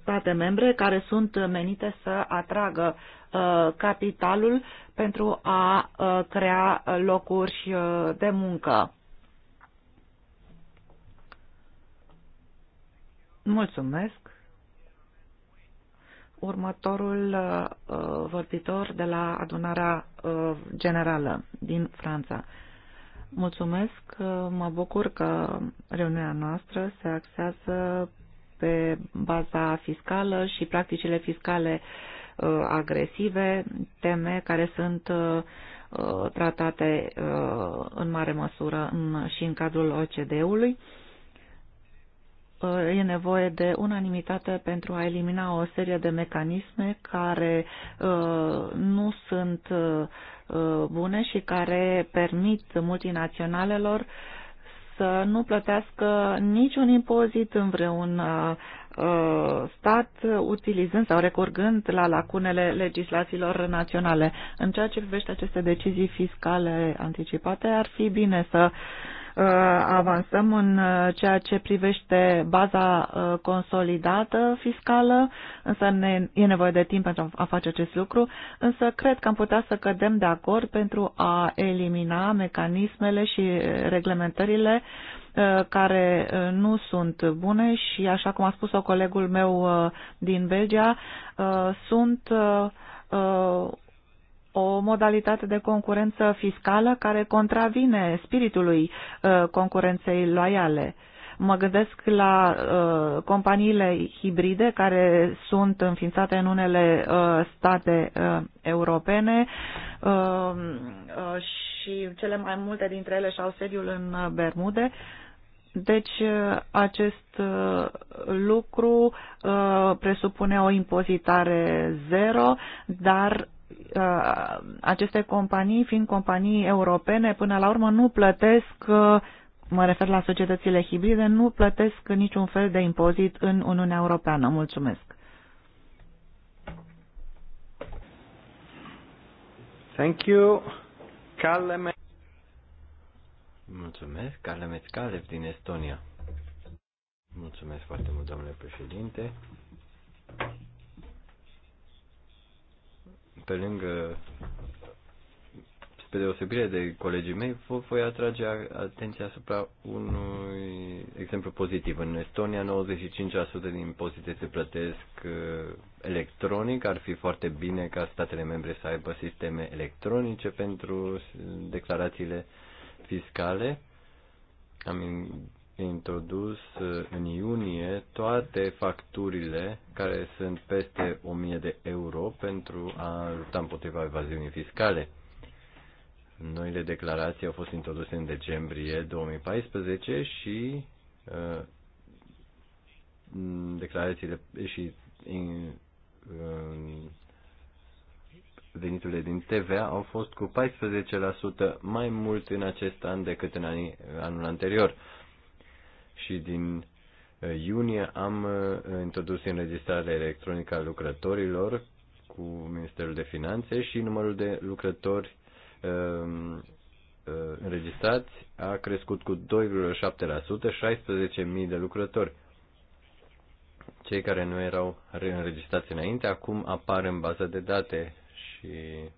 state membre care sunt menite să atragă Uh, capitalul pentru a uh, crea locuri uh, de muncă. Mulțumesc. Următorul vorbitor de la adunarea generală din Franța. Mulțumesc, mă bucur că reuniunea noastră se axează pe baza fiscală și practicile fiscale uh, Uh, agresive, teme care sunt uh, uh, tratate în mare măsură în, și în cadrul OCD-ului. E nevoie de unanimitate pentru a elimina o serie de mecanisme care nu sunt bune și care permit multinaționalelor să nu plătească niciun impozit în vreun Uh, stat utilizând sau recurgând la lacunele legislațiilor naționale. În ceea ce privește aceste decizii fiscale anticipate, ar fi bine să uh, avansăm în uh, ceea ce privește baza consolidată fiscală, însă ne, e nevoie de timp pentru a face acest lucru, însă cred că am putea să cădem de acord pentru a elimina mecanismele și reglementările uh, Uh, care uh, nu sunt bune și, așa cum a spus-o colegul meu uh, din Belgia, sunt o modalitate de concurență fiscală care contravine spiritului concurenței loiale. Mă gândesc la uh, companiile hibride care sunt înființate în unele uh, state uh, europene uh, uh, și cele mai multe dintre ele și-au sediul în Bermude. Uh, deci uh, acest uh, lucru uh, presupune o impozitare zero, dar aceste companii, fiind companii europene, până la urmă nu plătesc, mă refer la societățile hibride, nu plătesc niciun fel de impozit în Uniunea Europeană. Mulțumesc! Thank you. Calle Mulțumesc, Carla Mețcalev din Estonia. Mulțumesc foarte mult, domnule președinte. Pe lângă, spre deosebire de colegii mei, voi atrage atenția asupra unui exemplu pozitiv. În Estonia, 95% din impozite se plătesc uh, electronic. Ar fi foarte bine ca statele membre să aibă sisteme electronice pentru declarațiile uh, fiscale. Am introdus uh, în iunie toate facturile care sunt peste 1000 de euro pentru a lupta împotriva evaziunii fiscale. Noile declarații au fost introduse în decembrie 2014 și uh, declarațiile și in, uh, veniturile din TVA au fost cu 14% mai mult în acest an decât în anii, anul anterior. Și din uh, iunie am uh, introdus înregistrarea electronică a lucrătorilor cu Ministerul de Finanțe și numărul de lucrători um, uh, înregistrați a crescut cu 2,7%, 16.000 de lucrători. Cei care nu erau înregistrați înainte acum apar în baza de date și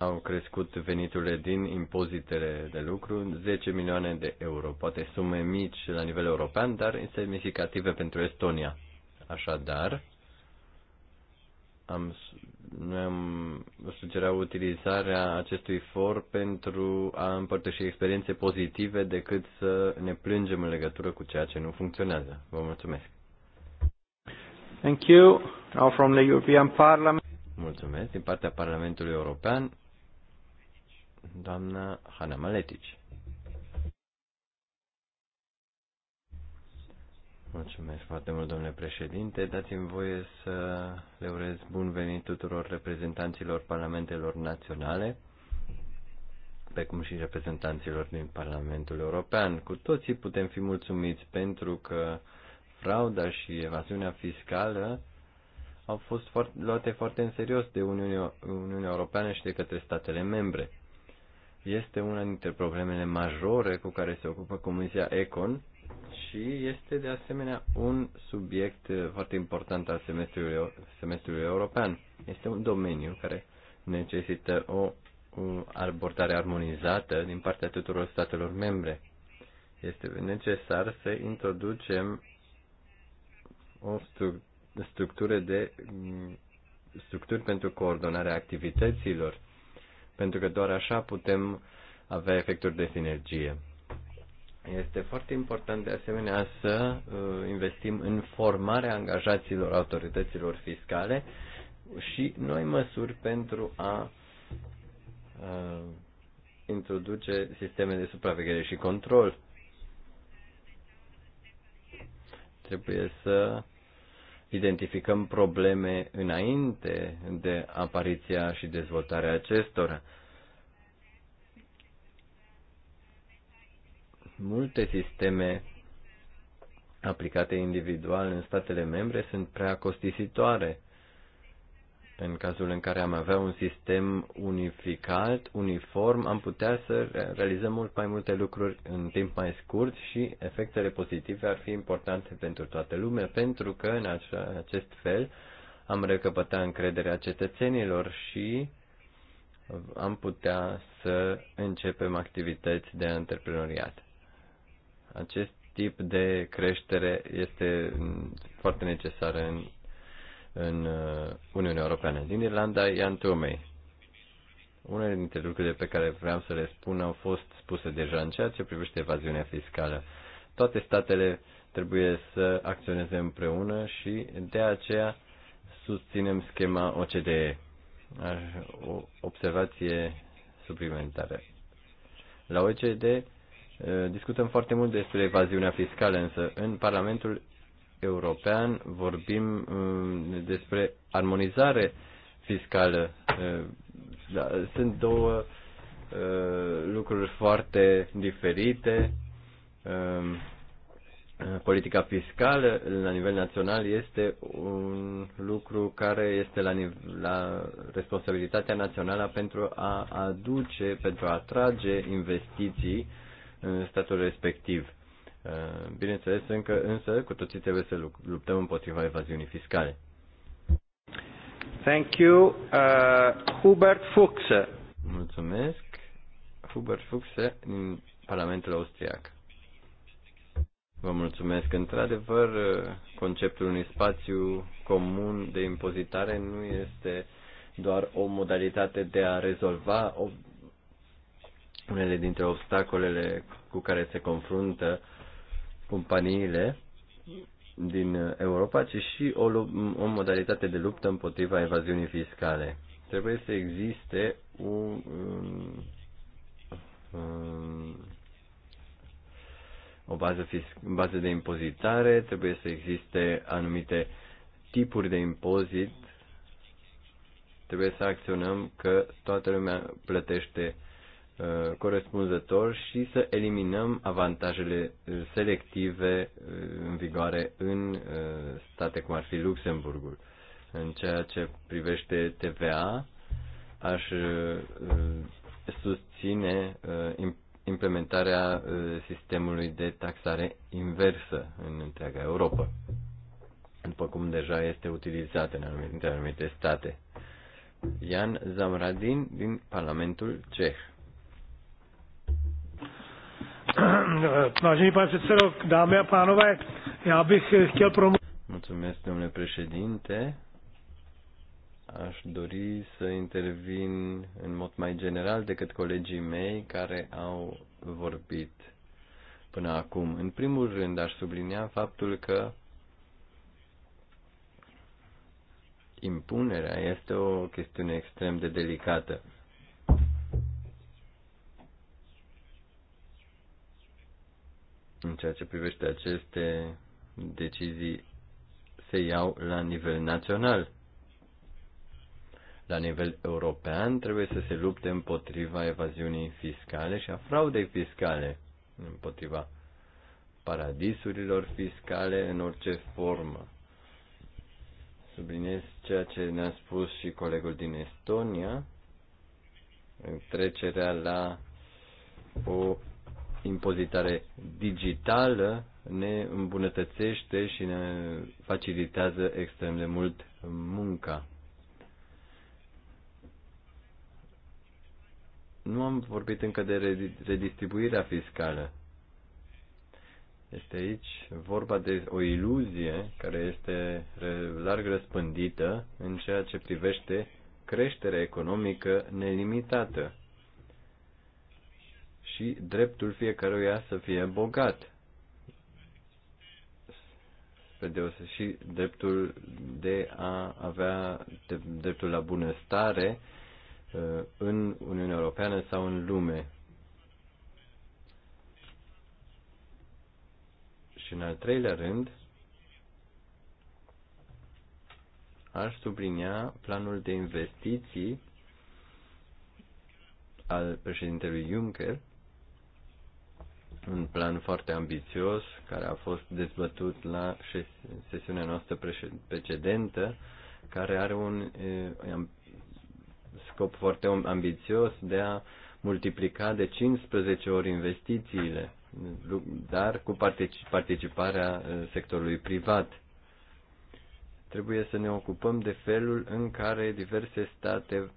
au, crescut veniturile din impozitele de lucru 10 milioane de euro, poate sume mici la nivel european, dar semnificative pentru Estonia. Așadar, am, noi am sugerat utilizarea acestui for pentru a împărtăși experiențe pozitive decât să ne plângem în legătură cu ceea ce nu funcționează. Vă mulțumesc. Thank you. Now from the European Parliament. Mulțumesc. Din partea Parlamentului European, doamna Hanna Maletici. Mulțumesc foarte mult, domnule președinte. Dați-mi voie să le urez bun venit tuturor reprezentanților parlamentelor naționale, precum și reprezentanților din Parlamentul European. Cu toții putem fi mulțumiți pentru că frauda și evaziunea fiscală au fost foarte, luate foarte în serios de Uniunea, Uniunea Europeană și de către statele membre. Este una dintre problemele majore cu care se ocupă Comisia Econ și este de asemenea un subiect foarte important al semestrului, semestrului european. Este un domeniu care necesită o, o abordare armonizată din partea tuturor statelor membre. Este necesar să introducem o structură structuri de mm, structuri pentru coordonarea activităților, pentru că doar așa putem avea efecturi de sinergie. Este foarte important de asemenea să uh, investim în formarea angajaților autorităților fiscale și noi măsuri pentru a uh, introduce sisteme de supraveghere și control. Trebuie să identificăm probleme înainte de apariția și dezvoltarea acestora. Multe sisteme aplicate individual în statele membre sunt prea costisitoare în cazul în care am avea un sistem unificat, uniform, am putea să realizăm mult mai multe lucruri în timp mai scurt și efectele pozitive ar fi importante pentru toată lumea, pentru că în acest fel am recăpăta încrederea cetățenilor și am putea să începem activități de antreprenoriat. Acest tip de creștere este foarte necesară în în uh, Uniunea Europeană, din Irlanda, Ian Tomei. Unele dintre lucrurile pe care vreau să le spun au fost spuse deja în ceea ce privește evaziunea fiscală. Toate statele trebuie să acționeze împreună și de aceea susținem schema OCDE. O observație suplimentară. La OECD uh, discutăm foarte mult despre evaziunea fiscală, însă în Parlamentul european vorbim um, despre armonizare fiscală. Uh, da, sunt două uh, lucruri foarte diferite. Um, uh, politica fiscală la nivel național este un lucru care este la, la responsabilitatea națională pentru a aduce, pentru a atrage investiții în statul respectiv Uh, bineînțeles, încă, însă, cu toții trebuie să luptăm împotriva evaziunii fiscale. Thank you, uh, Hubert Fuchs. Mulțumesc, Hubert Fuchs din Parlamentul Austriac. Vă mulțumesc. Într-adevăr, uh, conceptul unui spațiu comun de impozitare nu este doar o modalitate de a rezolva unele dintre obstacolele cu care se confruntă companiile din Europa, ci și o, o modalitate de luptă împotriva evaziunii fiscale. Trebuie să existe un, o bază, fisc, bază de impozitare, trebuie să existe anumite tipuri de impozit, trebuie să acționăm că toată lumea plătește Uh, corespunzător și să eliminăm avantajele uh, selective uh, în vigoare în state cum ar fi Luxemburgul. În ceea ce privește TVA, aș susține implementarea sistemului de taxare inversă în întreaga Europa, după cum deja este utilizat în anumite, în anumite state. Jan Zamradin din Parlamentul Ceh. (clears throat) Vážený pane předsedo, dámy a pánové, já bych chtěl promluvit. Mulțumesc, domnule președinte. Aș dori să intervin în mod mai general decât colegii mei care au vorbit până acum. În primul rând, aș sublinia faptul că impunerea este o chestiune extrem de delicată. în ceea ce privește aceste decizii se iau la nivel național. La nivel european trebuie să se lupte împotriva evaziunii fiscale și a fraudei fiscale, împotriva paradisurilor fiscale în orice formă. Subliniez ceea ce ne-a spus și colegul din Estonia, trecerea la o impozitare digitală ne îmbunătățește și ne facilitează extrem de mult munca. Nu am vorbit încă de redistribuirea fiscală. Este aici vorba de o iluzie care este larg răspândită în ceea ce privește creșterea economică nelimitată și dreptul fiecăruia să fie bogat. Pe deosebire și dreptul de a avea de, dreptul la bunăstare uh, în Uniunea Europeană sau în lume. Și în al treilea rând, aș sublinia planul de investiții al președintelui Juncker, un plan foarte ambițios care a fost dezbătut la sesiunea noastră precedentă, care are un scop foarte ambițios de a multiplica de 15 ori investițiile, dar cu participarea sectorului privat. Trebuie să ne ocupăm de felul în care diverse state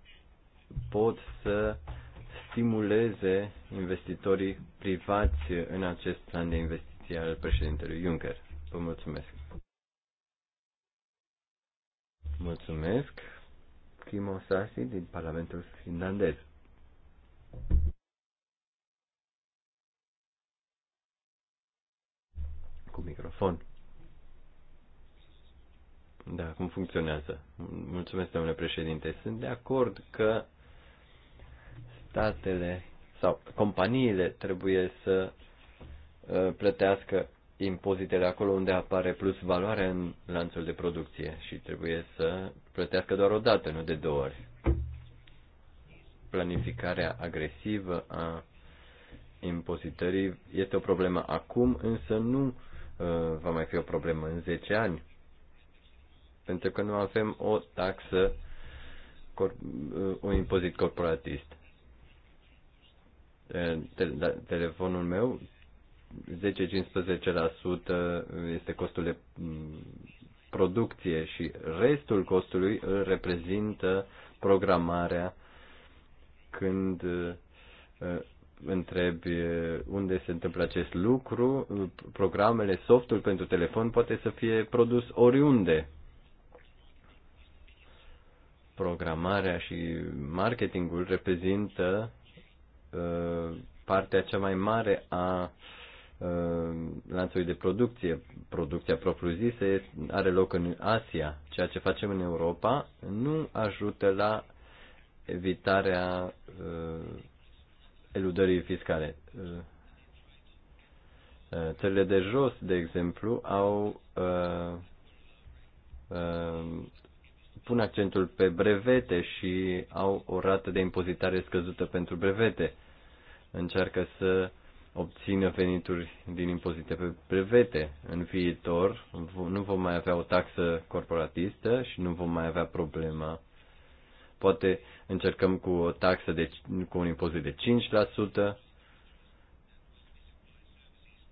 pot să stimuleze investitorii privați în acest plan de investiții al președintelui Juncker. Vă mulțumesc. Mulțumesc. Kimo Sasi din Parlamentul Finlandez. Cu microfon. Da, cum funcționează? Mulțumesc, domnule președinte. Sunt de acord că statele sau companiile trebuie să uh, plătească impozitele acolo unde apare plus valoare în lanțul de producție și trebuie să plătească doar o dată, nu de două ori. Planificarea agresivă a impozitării este o problemă acum, însă nu uh, va mai fi o problemă în 10 ani, pentru că nu avem o taxă, uh, un impozit corporatist da, telefonul meu, 10-15% este costul de mm, producție și restul costului îl reprezintă programarea când întrebi unde se întâmplă acest lucru, programele, softul pentru telefon poate să fie produs oriunde. Programarea și marketingul reprezintă Uh, partea cea mai mare a uh, lanțului de producție. Producția propriu-zisă are loc în Asia. Ceea ce facem în Europa nu ajută la evitarea uh, eludării fiscale. Țările de jos, de exemplu, au uh, uh, pun accentul pe brevete și au o rată de impozitare scăzută pentru brevete. Încearcă să obțină venituri din impozite pe brevete. În viitor nu vom mai avea o taxă corporatistă și nu vom mai avea problema. Poate încercăm cu o taxă de, cu un impozit de 5%.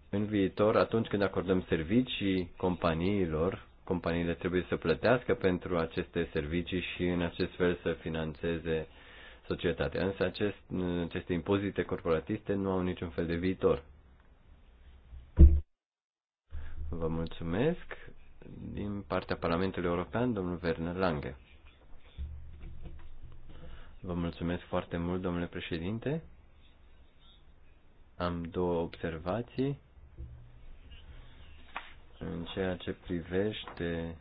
În viitor, atunci când acordăm servicii companiilor, companiile trebuie să plătească pentru aceste servicii și în acest fel să financeze societatea. Însă acest, aceste impozite corporatiste nu au niciun fel de viitor. Vă mulțumesc. Din partea Parlamentului European, domnul Werner Lange. Vă mulțumesc foarte mult, domnule președinte. Am două observații în ceea ce privește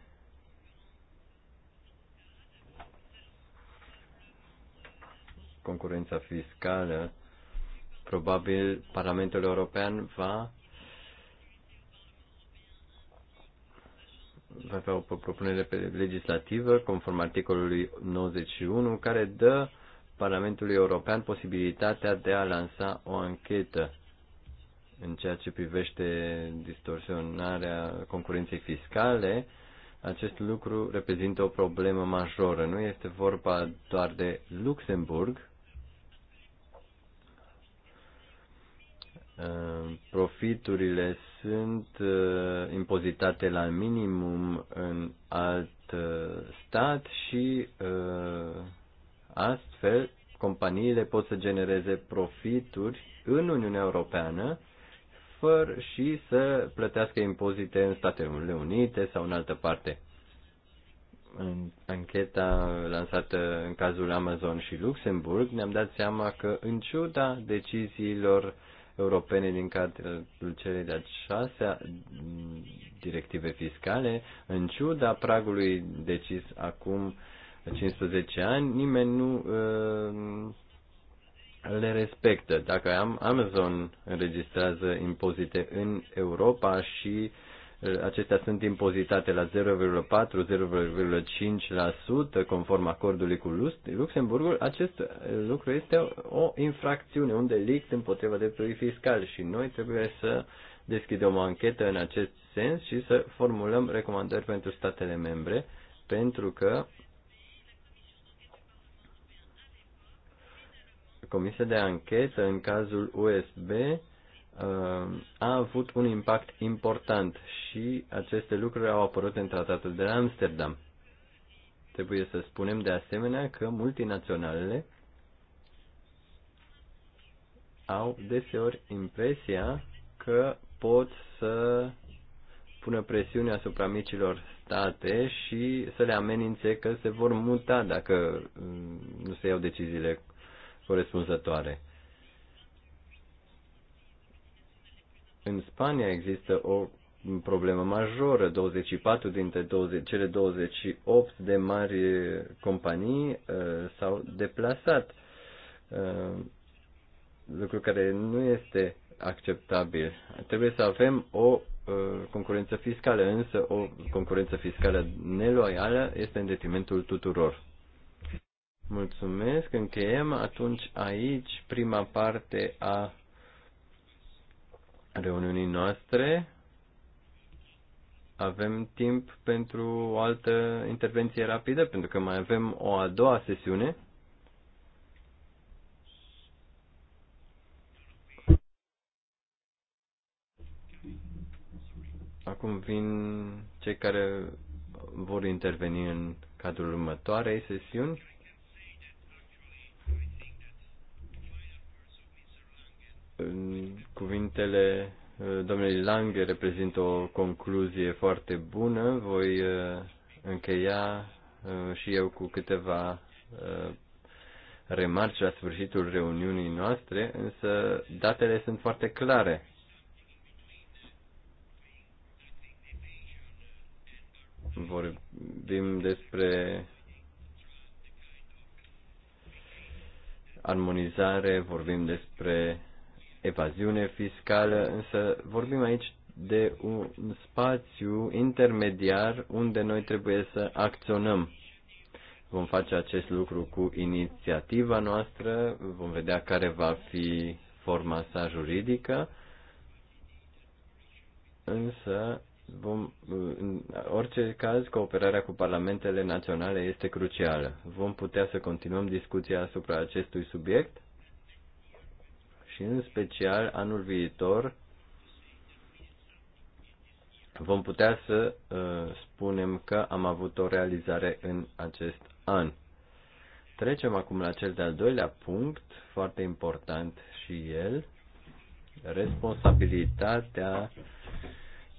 concurența fiscală, probabil Parlamentul European va va avea o propunere legislativă conform articolului 91 care dă Parlamentului European posibilitatea de a lansa o anchetă în ceea ce privește distorsionarea concurenței fiscale, acest lucru reprezintă o problemă majoră. Nu este vorba doar de Luxemburg. Ă, profiturile sunt ă, impozitate la minimum în alt ă, stat și astfel companiile pot să genereze profituri în Uniunea Europeană fără și să plătească impozite în Statele Unite sau în altă parte. În ancheta lansată în cazul Amazon și Luxemburg ne-am dat seama că, în ciuda deciziilor europene din cadrul celei de-a șasea directive fiscale, în ciuda pragului decis acum 15 ani, nimeni nu uh, le respectă. Dacă Amazon înregistrează impozite în Europa și uh, acestea sunt impozitate la 0,4-0,5% conform acordului cu Luxemburgul, acest lucru este o infracțiune, un delict împotriva dreptului fiscal și noi trebuie să deschidem o anchetă în acest sens și să formulăm recomandări pentru statele membre, pentru că Comisia de anchetă în cazul USB uh, a avut un impact important și aceste lucruri au apărut în tratatul de la Amsterdam. Trebuie să spunem de asemenea că multinaționalele au deseori impresia că pot să pună presiune asupra micilor state și să le amenințe că se vor muta dacă uh, nu se iau deciziile corespunzătoare. În Spania există o problemă majoră. 24 dintre 20, cele 28 de mari eh, companii uh, s-au deplasat. Uh, lucru care nu este acceptabil. Trebuie să avem o uh, concurență fiscală, însă o concurență fiscală neloială este în detrimentul tuturor. Mulțumesc. Încheiem atunci aici prima parte a reuniunii noastre. Avem timp pentru o altă intervenție rapidă, pentru că mai avem o a doua sesiune. Acum vin cei care vor interveni în cadrul următoarei sesiuni. cuvintele uh, domnului Lange reprezintă o concluzie foarte bună. Voi uh, încheia uh, și eu cu câteva remarci la sfârșitul reuniunii noastre, însă datele sunt foarte clare. Vorbim despre armonizare, vorbim despre evaziune fiscală, însă vorbim aici de un spațiu intermediar unde noi trebuie să acționăm. Vom face acest lucru cu inițiativa noastră, vom vedea care va fi forma sa juridică, însă vom, în orice caz, cooperarea cu parlamentele naționale este crucială. Vom putea să continuăm discuția asupra acestui subiect și în special anul viitor vom putea să uh, spunem că am avut o realizare în acest an. Trecem acum la cel de-al doilea punct, foarte important și el, responsabilitatea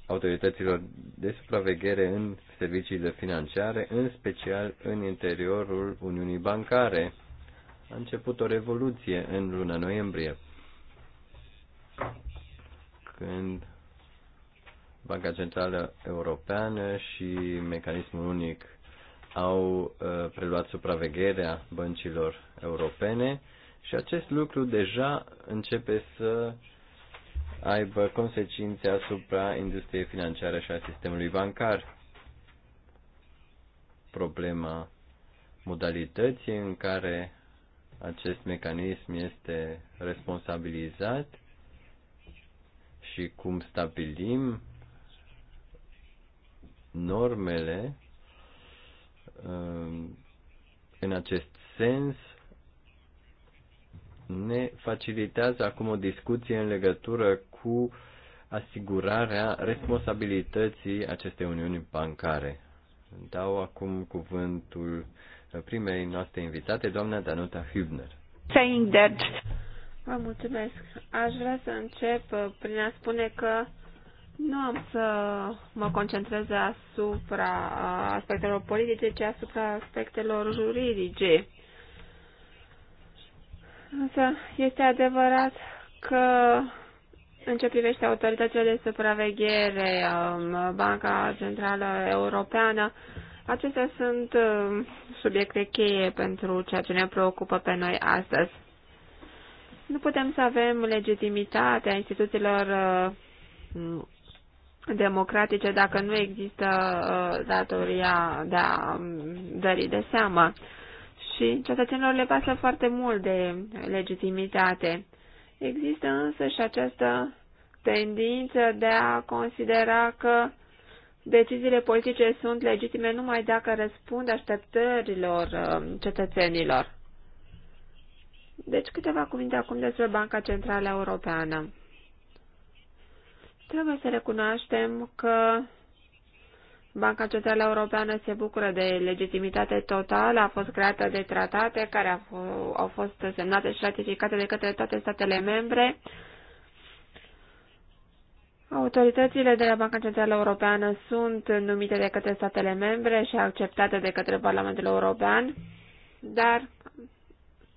autorităților de supraveghere în serviciile financiare, în special în interiorul Uniunii Bancare. A început o revoluție în luna noiembrie când Banca Centrală Europeană și Mecanismul Unic au uh, preluat supravegherea băncilor europene și acest lucru deja începe să aibă consecințe asupra industriei financiare și a sistemului bancar. Problema modalității în care acest mecanism este responsabilizat și cum stabilim normele um, în acest sens ne facilitează acum o discuție în legătură cu asigurarea responsabilității acestei uniuni bancare. Dau acum cuvântul primei noastre invitate, doamna Danuta Hübner. Saying that Vă mulțumesc. Aș vrea să încep uh, prin a spune că nu am să mă concentrez asupra aspectelor politice, ci asupra aspectelor juridice. Însă este adevărat că în ce privește autoritățile de supraveghere, um, Banca Centrală Europeană, acestea sunt um, subiecte cheie pentru ceea ce ne preocupă pe noi astăzi. Nu putem să avem legitimitatea instituțiilor uh, democratice dacă nu există uh, datoria de a um, dări de seamă. Și cetățenilor le pasă foarte mult de legitimitate. Există însă și această tendință de a considera că deciziile politice sunt legitime numai dacă răspund așteptărilor uh, cetățenilor. Deci câteva cuvinte acum despre Banca Centrală Europeană. Trebuie să recunoaștem că Banca Centrală Europeană se bucură de legitimitate totală, a fost creată de tratate care au fost semnate și ratificate de către toate statele membre. Autoritățile de la Banca Centrală Europeană sunt numite de către statele membre și acceptate de către Parlamentul European, dar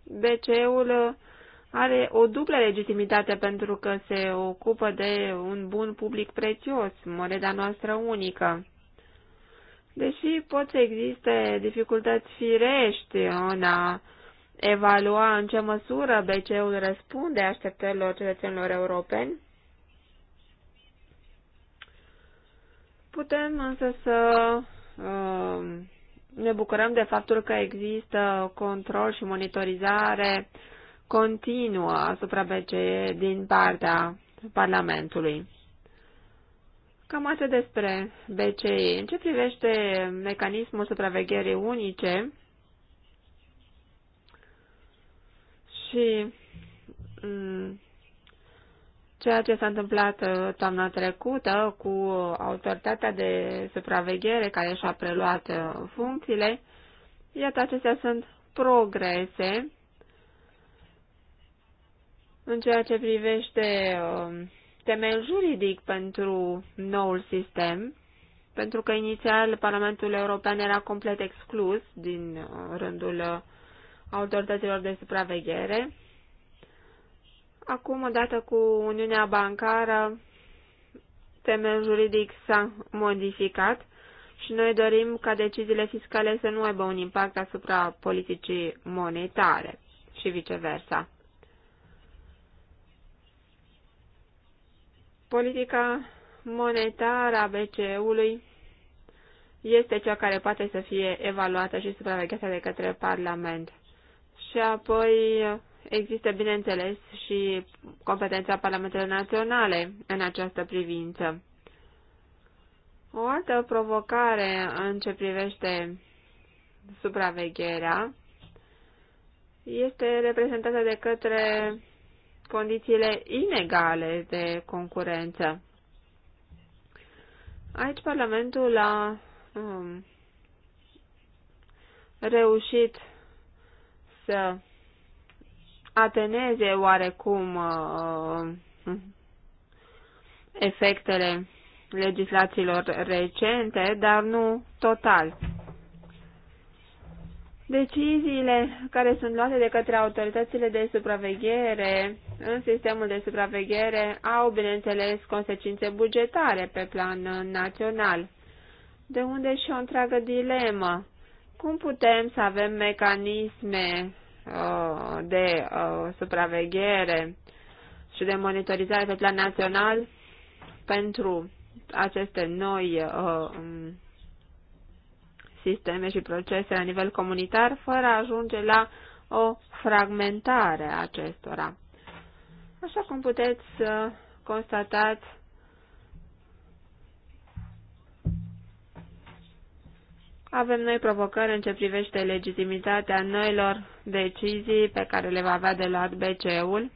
BCE-ul uh, are o dublă legitimitate pentru că se ocupă de un bun public prețios, moneda noastră unică. Deși pot să existe dificultăți firești în a evalua în ce măsură BCE-ul răspunde așteptărilor cetățenilor europeni, putem însă să uh, ne bucurăm de faptul că există control și monitorizare continuă asupra BCE din partea Parlamentului. Cam atât despre BCE. În ce privește mecanismul supravegherii unice și mm, Ceea ce s-a întâmplat uh, toamna trecută cu uh, autoritatea de supraveghere care și-a preluat uh, funcțiile, iată, acestea sunt progrese în ceea ce privește um, temel juridic pentru noul sistem, pentru că inițial Parlamentul European era complet exclus din rândul autorităților de supraveghere. Acum, odată cu Uniunea Bancară, temeiul juridic s-a modificat și noi dorim ca deciziile fiscale să nu aibă un impact asupra politicii monetare și viceversa. Politica monetară a BCE-ului este cea care poate să fie evaluată și supravegheată de către Parlament. Și apoi există, bineînțeles, și competența Parlamentelor Naționale în această privință. O altă provocare în ce privește supravegherea este reprezentată de către condițiile inegale de concurență. Aici Parlamentul a um, reușit să ateneze oarecum uh, uh, efectele legislațiilor recente, dar nu total. Deciziile care sunt luate de către autoritățile de supraveghere în sistemul de supraveghere au, bineînțeles, consecințe bugetare pe plan național, de unde și o întreagă dilemă. Cum putem să avem mecanisme Uh, de uh, supraveghere și de monitorizare pe plan național pentru aceste noi uh, um, sisteme și procese la nivel comunitar, fără a ajunge la o fragmentare a acestora. Așa cum puteți constatați, Avem noi provocări în ce privește legitimitatea noilor decizii pe care le va avea de luat BCE-ul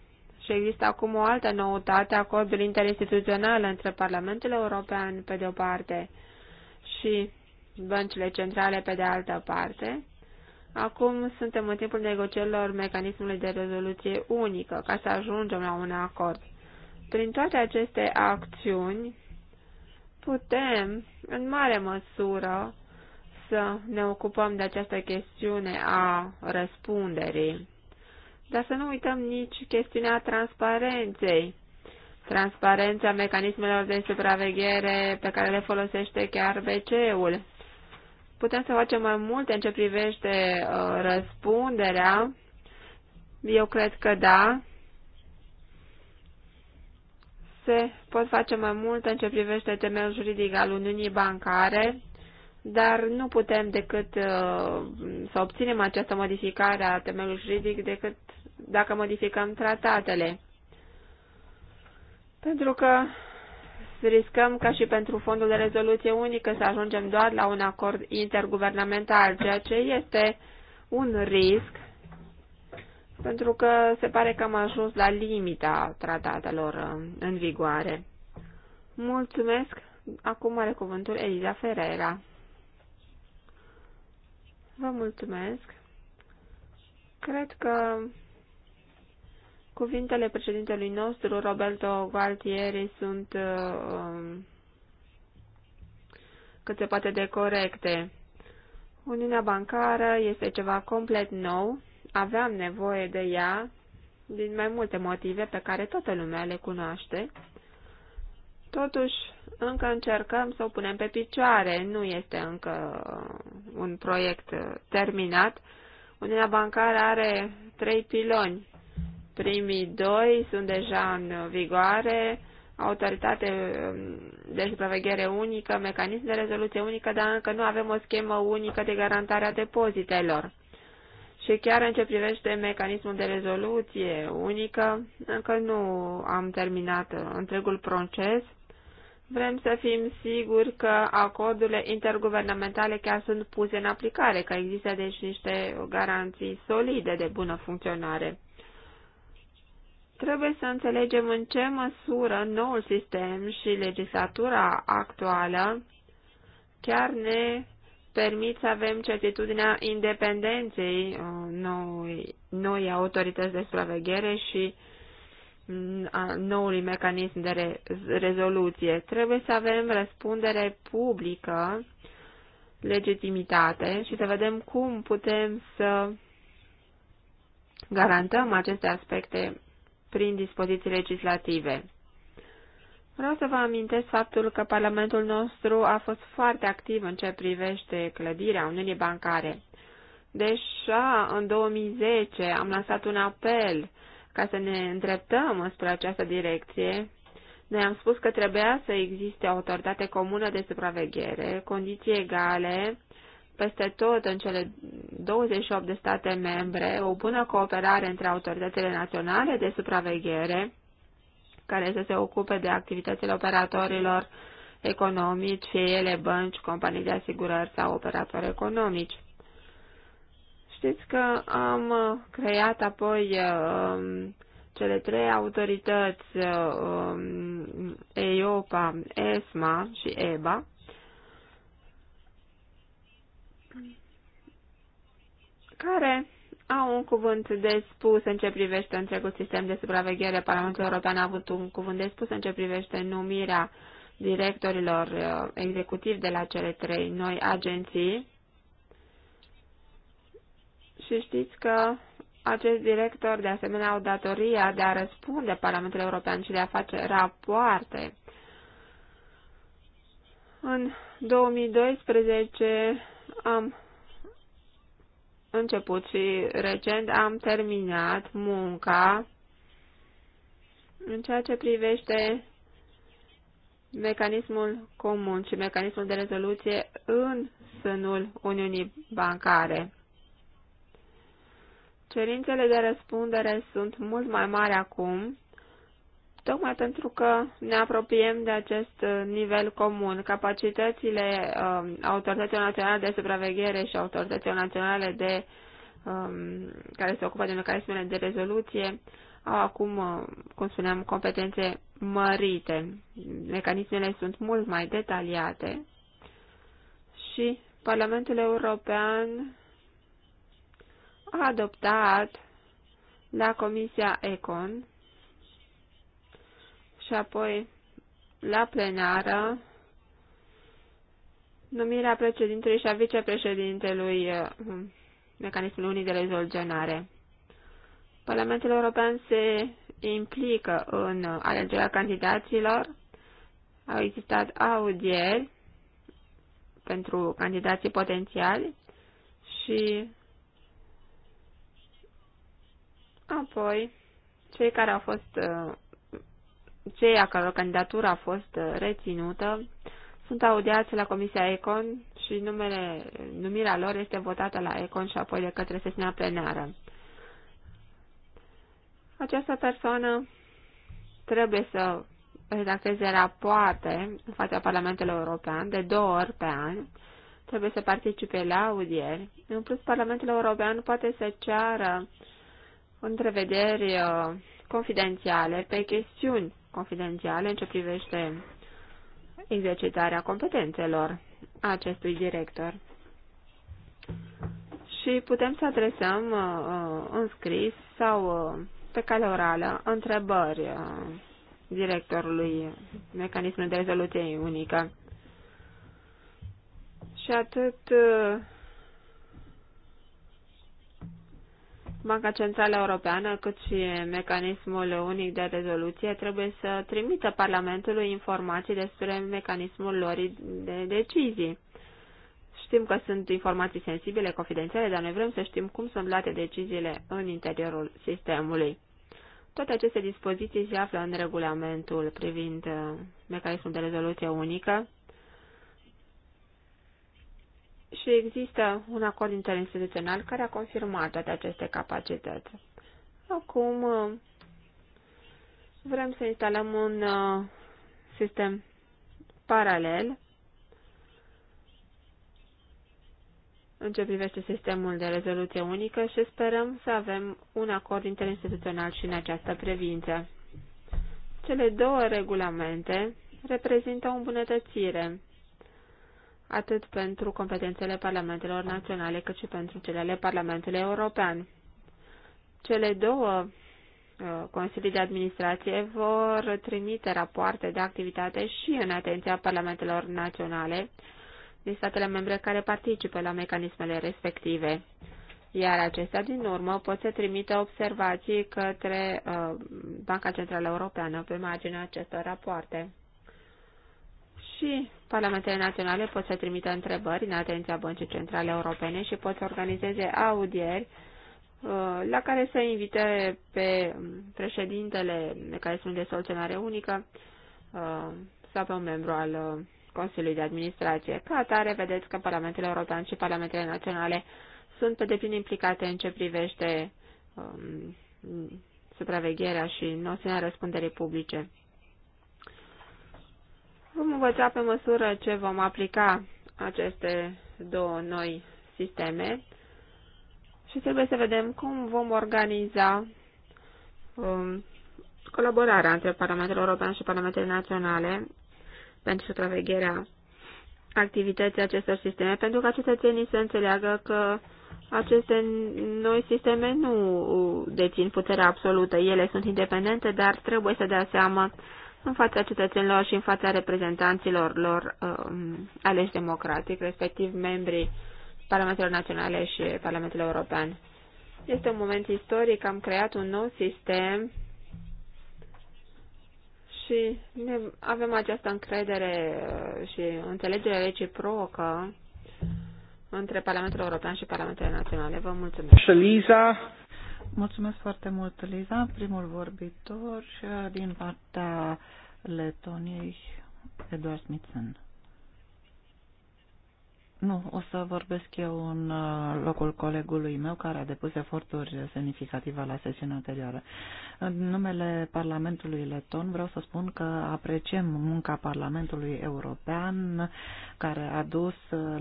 și există acum o altă noutate, acordul interinstituțional între Parlamentul European pe de o parte și băncile centrale pe de altă parte. Acum suntem în timpul negocierilor mecanismului de rezoluție unică ca să ajungem la un acord. Prin toate aceste acțiuni putem, în mare măsură, să ne ocupăm de această chestiune a răspunderii. Dar să nu uităm nici chestiunea transparenței, transparența mecanismelor de supraveghere pe care le folosește chiar BCE-ul. Putem să facem mai multe în ce privește uh, răspunderea? Eu cred că da. Se pot face mai multe în ce privește temeiul juridic al Uniunii Bancare dar nu putem decât uh, să obținem această modificare a temelului juridic decât dacă modificăm tratatele. Pentru că riscăm ca și pentru fondul de rezoluție unică să ajungem doar la un acord interguvernamental, ceea ce este un risc, pentru că se pare că am ajuns la limita tratatelor uh, în vigoare. Mulțumesc! Acum are cuvântul Eliza Ferreira. Vă mulțumesc. Cred că cuvintele președintelui nostru, Roberto Gualtieri, sunt uh, cât se poate de corecte. Uniunea bancară este ceva complet nou, aveam nevoie de ea din mai multe motive pe care toată lumea le cunoaște Totuși, încă încercăm să o punem pe picioare. Nu este încă un proiect terminat. Uniunea bancară are trei piloni. Primii doi sunt deja în vigoare, autoritate um, de supraveghere unică, mecanism de rezoluție unică, dar încă nu avem o schemă unică de garantare a depozitelor. Și chiar în ce privește mecanismul de rezoluție unică, încă nu am terminat întregul proces Vrem să fim siguri că acordurile interguvernamentale chiar sunt puse în aplicare, că există deci niște garanții solide de bună funcționare. Trebuie să înțelegem în ce măsură noul sistem și legislatura actuală chiar ne permit să avem certitudinea independenței uh, noi, noi autorități de supraveghere și uh, a noului mecanism de re rezoluție. Trebuie să avem răspundere publică, legitimitate și să vedem cum putem să garantăm aceste aspecte prin dispoziții legislative. Vreau să vă amintesc faptul că Parlamentul nostru a fost foarte activ în ce privește clădirea Uniunii Bancare. Deja în 2010 am lansat un apel ca să ne îndreptăm spre această direcție, noi am spus că trebuia să existe o autoritate comună de supraveghere, condiții egale peste tot în cele 28 de state membre, o bună cooperare între autoritățile naționale de supraveghere, care să se ocupe de activitățile operatorilor economici, fie ele bănci, companii de asigurări sau operatori economici. Știți că am uh, creat apoi uh, cele trei autorități, uh, um, EIOPA, ESMA și EBA, care au un cuvânt de spus în ce privește întregul sistem de supraveghere. Parlamentul European a avut un cuvânt de spus în ce privește numirea directorilor executivi de la cele trei noi agenții și știți că acest director de asemenea, au datoria de a răspunde Parlamentul European și de a face rapoarte. În 2012 am început și recent am terminat munca în ceea ce privește mecanismul comun și mecanismul de rezoluție în sânul Uniunii Bancare. Cerințele de răspundere sunt mult mai mari acum, tocmai pentru că ne apropiem de acest nivel comun. Capacitățile uh, autorităților naționale de supraveghere și autorităților naționale de, um, care se ocupă de mecanismele de rezoluție au acum, uh, cum spuneam, competențe mărite. Mecanismele sunt mult mai detaliate și Parlamentul European adoptat la Comisia Econ și apoi la plenară numirea președintelui și a vicepreședintelui uh, mecanismului unic de rezoluționare. Parlamentul European se implică în uh, alegerea candidaților. Au existat audieri pentru candidații potențiali și Apoi, cei care au fost, uh, cei a căror candidatură a fost uh, reținută, sunt audiați la Comisia Econ și numele, numirea lor este votată la Econ și apoi de către sesiunea plenară. Această persoană trebuie să redacteze rapoarte în fața Parlamentului European de două ori pe an, trebuie să participe la audieri. În plus, Parlamentul European poate să ceară întrevederi uh, confidențiale pe chestiuni confidențiale în ce privește exercitarea competențelor acestui director. Și putem să adresăm uh, uh, în scris sau pe cale orală întrebări directorului mecanismului de rezoluție unică. Și atât Banca Centrală Europeană, cât și mecanismul unic de rezoluție trebuie să trimită Parlamentului informații despre mecanismul lor de decizii. Știm că sunt informații sensibile, confidențiale, dar noi vrem să știm cum sunt luate deciziile în interiorul sistemului. Toate aceste dispoziții se află în regulamentul privind uh, mecanismul de rezoluție unică și există un acord interinstituțional care a confirmat toate aceste capacități. Acum uh, vrem să instalăm un uh, sistem paralel în ce privește sistemul de rezoluție unică și sperăm să avem un acord interinstituțional și în această privință. Cele două regulamente reprezintă o îmbunătățire atât pentru competențele parlamentelor naționale, cât și pentru cele ale Parlamentului European. Cele două uh, Consilii de Administrație vor trimite rapoarte de activitate și în atenția Parlamentelor Naționale din statele membre care participă la mecanismele respective, iar acestea din urmă pot să trimită observații către uh, Banca Centrală Europeană pe marginea acestor rapoarte. Și Parlamentele naționale pot să trimită întrebări în atenția Băncii Centrale Europene și pot să organizeze audieri uh, la care să invite pe președintele care sunt de soluționare unică uh, sau pe un membru al uh, Consiliului de Administrație. Ca atare, vedeți că Parlamentul European și Parlamentele Naționale sunt pe deplin implicate în ce privește um, supravegherea și noțiunea răspunderii publice învăța pe măsură ce vom aplica aceste două noi sisteme și trebuie să vedem cum vom organiza um, colaborarea între Parlamentul European și Parlamentele Naționale pentru supravegherea activității acestor sisteme, pentru ca cetățenii să înțeleagă că aceste noi sisteme nu dețin puterea absolută. Ele sunt independente, dar trebuie să dea seama în fața cetățenilor și în fața reprezentanților lor um, aleși democratic, respectiv membrii Parlamentelor Naționale și Parlamentul European. Este un moment istoric, am creat un nou sistem și ne, avem această încredere uh, și înțelegere reciprocă între Parlamentul European și Parlamentele Naționale. Vă mulțumesc. Și Mulțumesc foarte mult, Liza. Primul vorbitor din partea Letoniei, Eduard Smitsen. Nu, o să vorbesc eu în uh, locul colegului meu care a depus eforturi semnificative la sesiunea anterioară. În numele Parlamentului Leton vreau să spun că apreciem munca Parlamentului European care a dus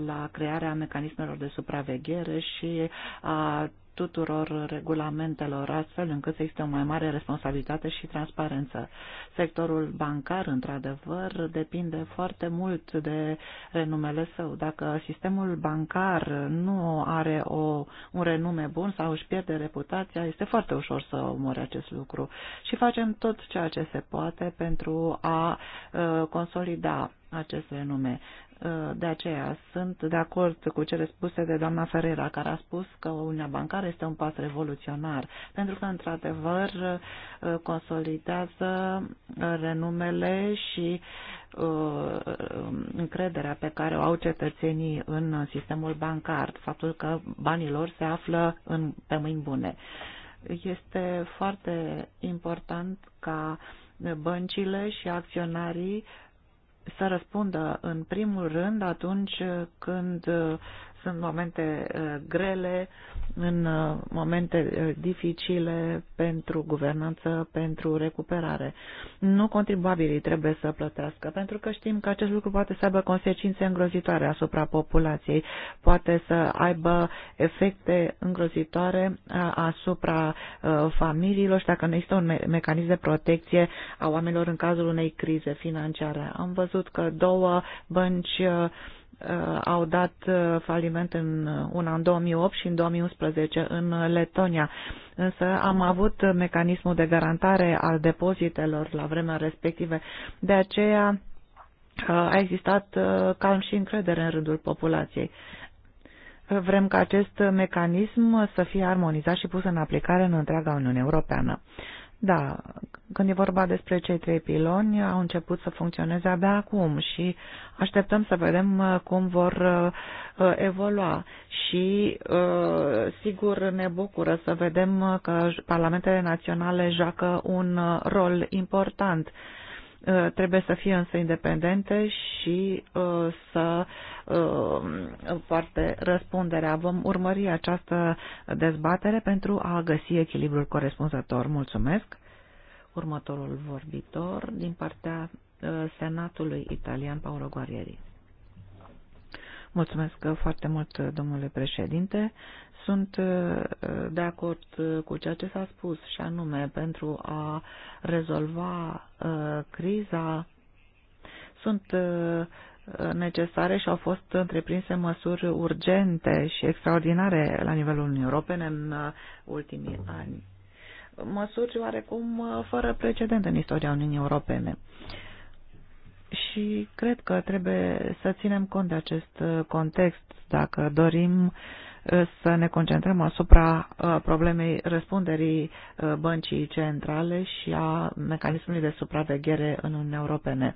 la crearea mecanismelor de supraveghere și a tuturor regulamentelor, astfel încât să existe o mai mare responsabilitate și transparență. Sectorul bancar, într-adevăr, depinde foarte mult de renumele său. Dacă sistemul bancar nu are o, un renume bun sau își pierde reputația, este foarte ușor să omori acest lucru. Și facem tot ceea ce se poate pentru a uh, consolida acest renume. Uh, de aceea sunt de acord cu cele spuse de doamna Ferreira, care a spus că Uniunea Bancară este un pas revoluționar, pentru că, într-adevăr, uh, consolidează uh, renumele și încrederea pe care o au cetățenii în sistemul bancar, faptul că banii lor se află în, pe mâini bune. Este foarte important ca băncile și acționarii uh, să răspundă în primul rând atunci când sunt momente uh, grele, în uh, momente uh, dificile pentru guvernanță, pentru recuperare. Nu contribuabilii trebuie să plătească, pentru că știm că acest lucru poate să aibă consecințe îngrozitoare asupra populației, poate să aibă efecte îngrozitoare asupra familiilor și dacă nu există un mecanism de protecție a oamenilor în cazul unei crize financiare. Am văzut că două bănci uh, Uh, au dat uh, faliment în uh, una în 2008 și în 2011 în Letonia. Însă am avut mecanismul de garantare al depozitelor la vremea respective. De aceea a existat calm și încredere în rândul populației. Vrem ca acest mecanism să fie armonizat și pus în aplicare în întreaga Uniune Europeană. Da, când e vorba despre cei trei piloni, au început să funcționeze abia acum și așteptăm să vedem uh, cum vor uh, evolua. Și uh, sigur ne bucură să vedem că parlamentele naționale joacă un rol important Uh, trebuie să fie însă independente și uh, să uh, poarte răspunderea. Vom urmări această dezbatere pentru a găsi echilibrul corespunzător. Mulțumesc! Următorul vorbitor din partea Senatului Italian, Paolo Guarieri. Mulțumesc foarte mult, domnule președinte. Sunt uh, de acord uh, cu ceea ce s-a spus și anume pentru a rezolva uh, criza sunt necesare și au fost întreprinse măsuri urgente și extraordinare la nivelul Uniunii Europene în ultimii ani. Măsuri oarecum fără precedent în istoria Uniunii Europene. Și cred că trebuie să ținem cont de acest context dacă dorim uh, să ne concentrăm asupra uh, problemei răspunderii uh, băncii centrale și a mecanismului de supraveghere în Uniunea Europene.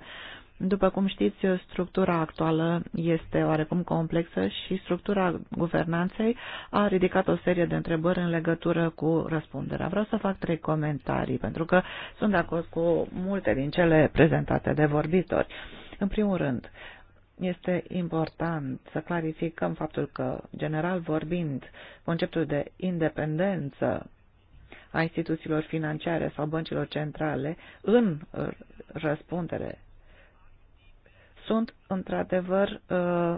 După cum știți, structura actuală este oarecum complexă și structura guvernanței a ridicat o serie de întrebări în legătură cu răspunderea. Vreau să fac trei comentarii, pentru că sunt de acord cu multe din cele prezentate de vorbitori. În primul rând, este important să clarificăm faptul că, general vorbind, conceptul de independență a instituțiilor financiare sau băncilor centrale în uh, răspundere sunt într-adevăr uh,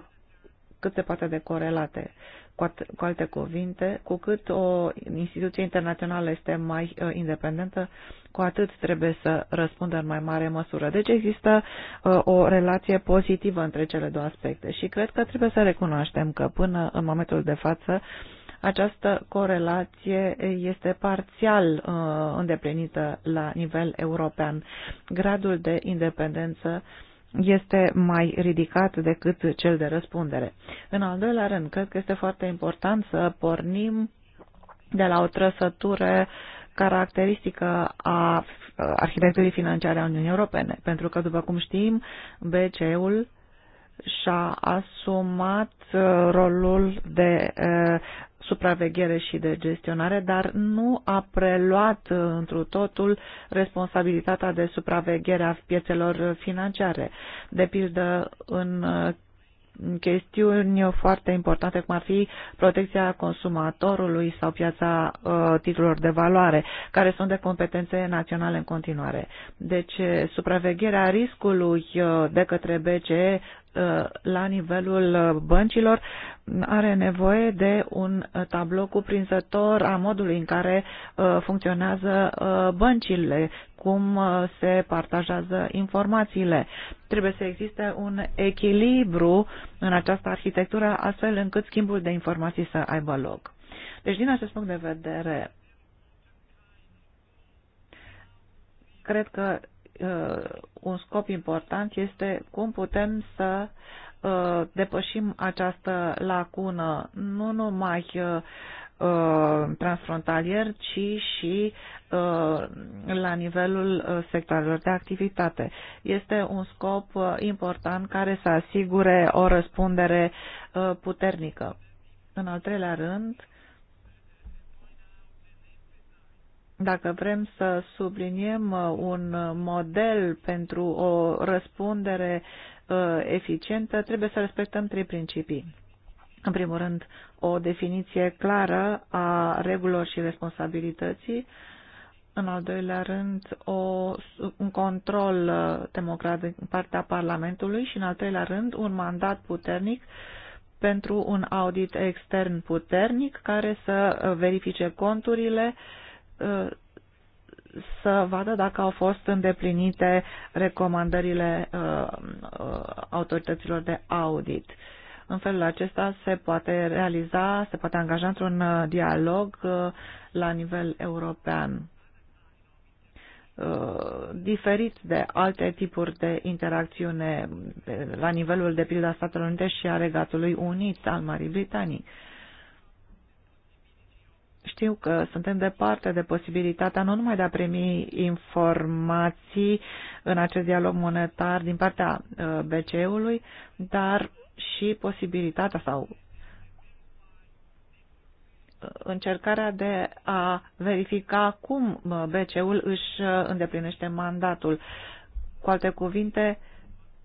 cât se poate de corelate. Cu alte cuvinte, cu cât o instituție internațională este mai uh, independentă, cu atât trebuie să răspundă în mai mare măsură. Deci există uh, o relație pozitivă între cele două aspecte și cred că trebuie să recunoaștem că până în momentul de față această corelație este parțial uh, îndeplinită la nivel european. Gradul de independență uh, este mai ridicat decât cel de răspundere. În al doilea rând, cred că este foarte important să pornim de la o trăsătură caracteristică a arhitecturii financiare a Uniunii Europene, pentru că, după cum știm, BCE-ul și-a asumat uh, rolul de uh, supraveghere și de gestionare, dar nu a preluat uh, întru totul responsabilitatea de supraveghere a piețelor financiare. De pildă, uh, în chestiuni foarte importante, cum ar fi protecția consumatorului sau piața uh, titlurilor de valoare, care sunt de competențe naționale în continuare. Deci, supravegherea riscului uh, de către BCE Uh, la nivelul uh, băncilor are nevoie de un uh, tablou cuprinzător a modului în care funcționează băncile, cum se partajează informațiile. Trebuie să existe un echilibru în această arhitectură astfel încât schimbul de informații să aibă loc. Deci, din acest punct de vedere, cred că Uh, un scop important este cum putem să uh, depășim această lacună, nu numai uh, transfrontalier, ci și la nivelul sectoarelor de activitate. Este un scop important care să asigure o răspundere puternică. În al treilea rând, dacă vrem să subliniem uh, un model pentru o răspundere uh, eficientă, trebuie să respectăm trei principii. În primul rând, o definiție clară a regulilor și responsabilității. În al doilea rând, o, un control uh, democrat din partea Parlamentului și, în al treilea rând, un mandat puternic pentru un audit extern puternic care să verifice conturile uh, Uh, să vadă dacă au fost îndeplinite recomandările uh, uh, autorităților de audit. În felul acesta se poate realiza, se poate angaja într-un dialog la nivel european diferit de alte tipuri de interacțiune la nivelul de pildă a Statelor Unite și a Regatului Unit al Marii Britanii. Uh, știu că suntem departe de posibilitatea nu numai de a primi informații în acest dialog monetar din partea uh, BCE-ului, dar și posibilitatea sau uh, încercarea de a verifica cum uh, BCE-ul își îndeplinește mandatul. Cu alte cuvinte,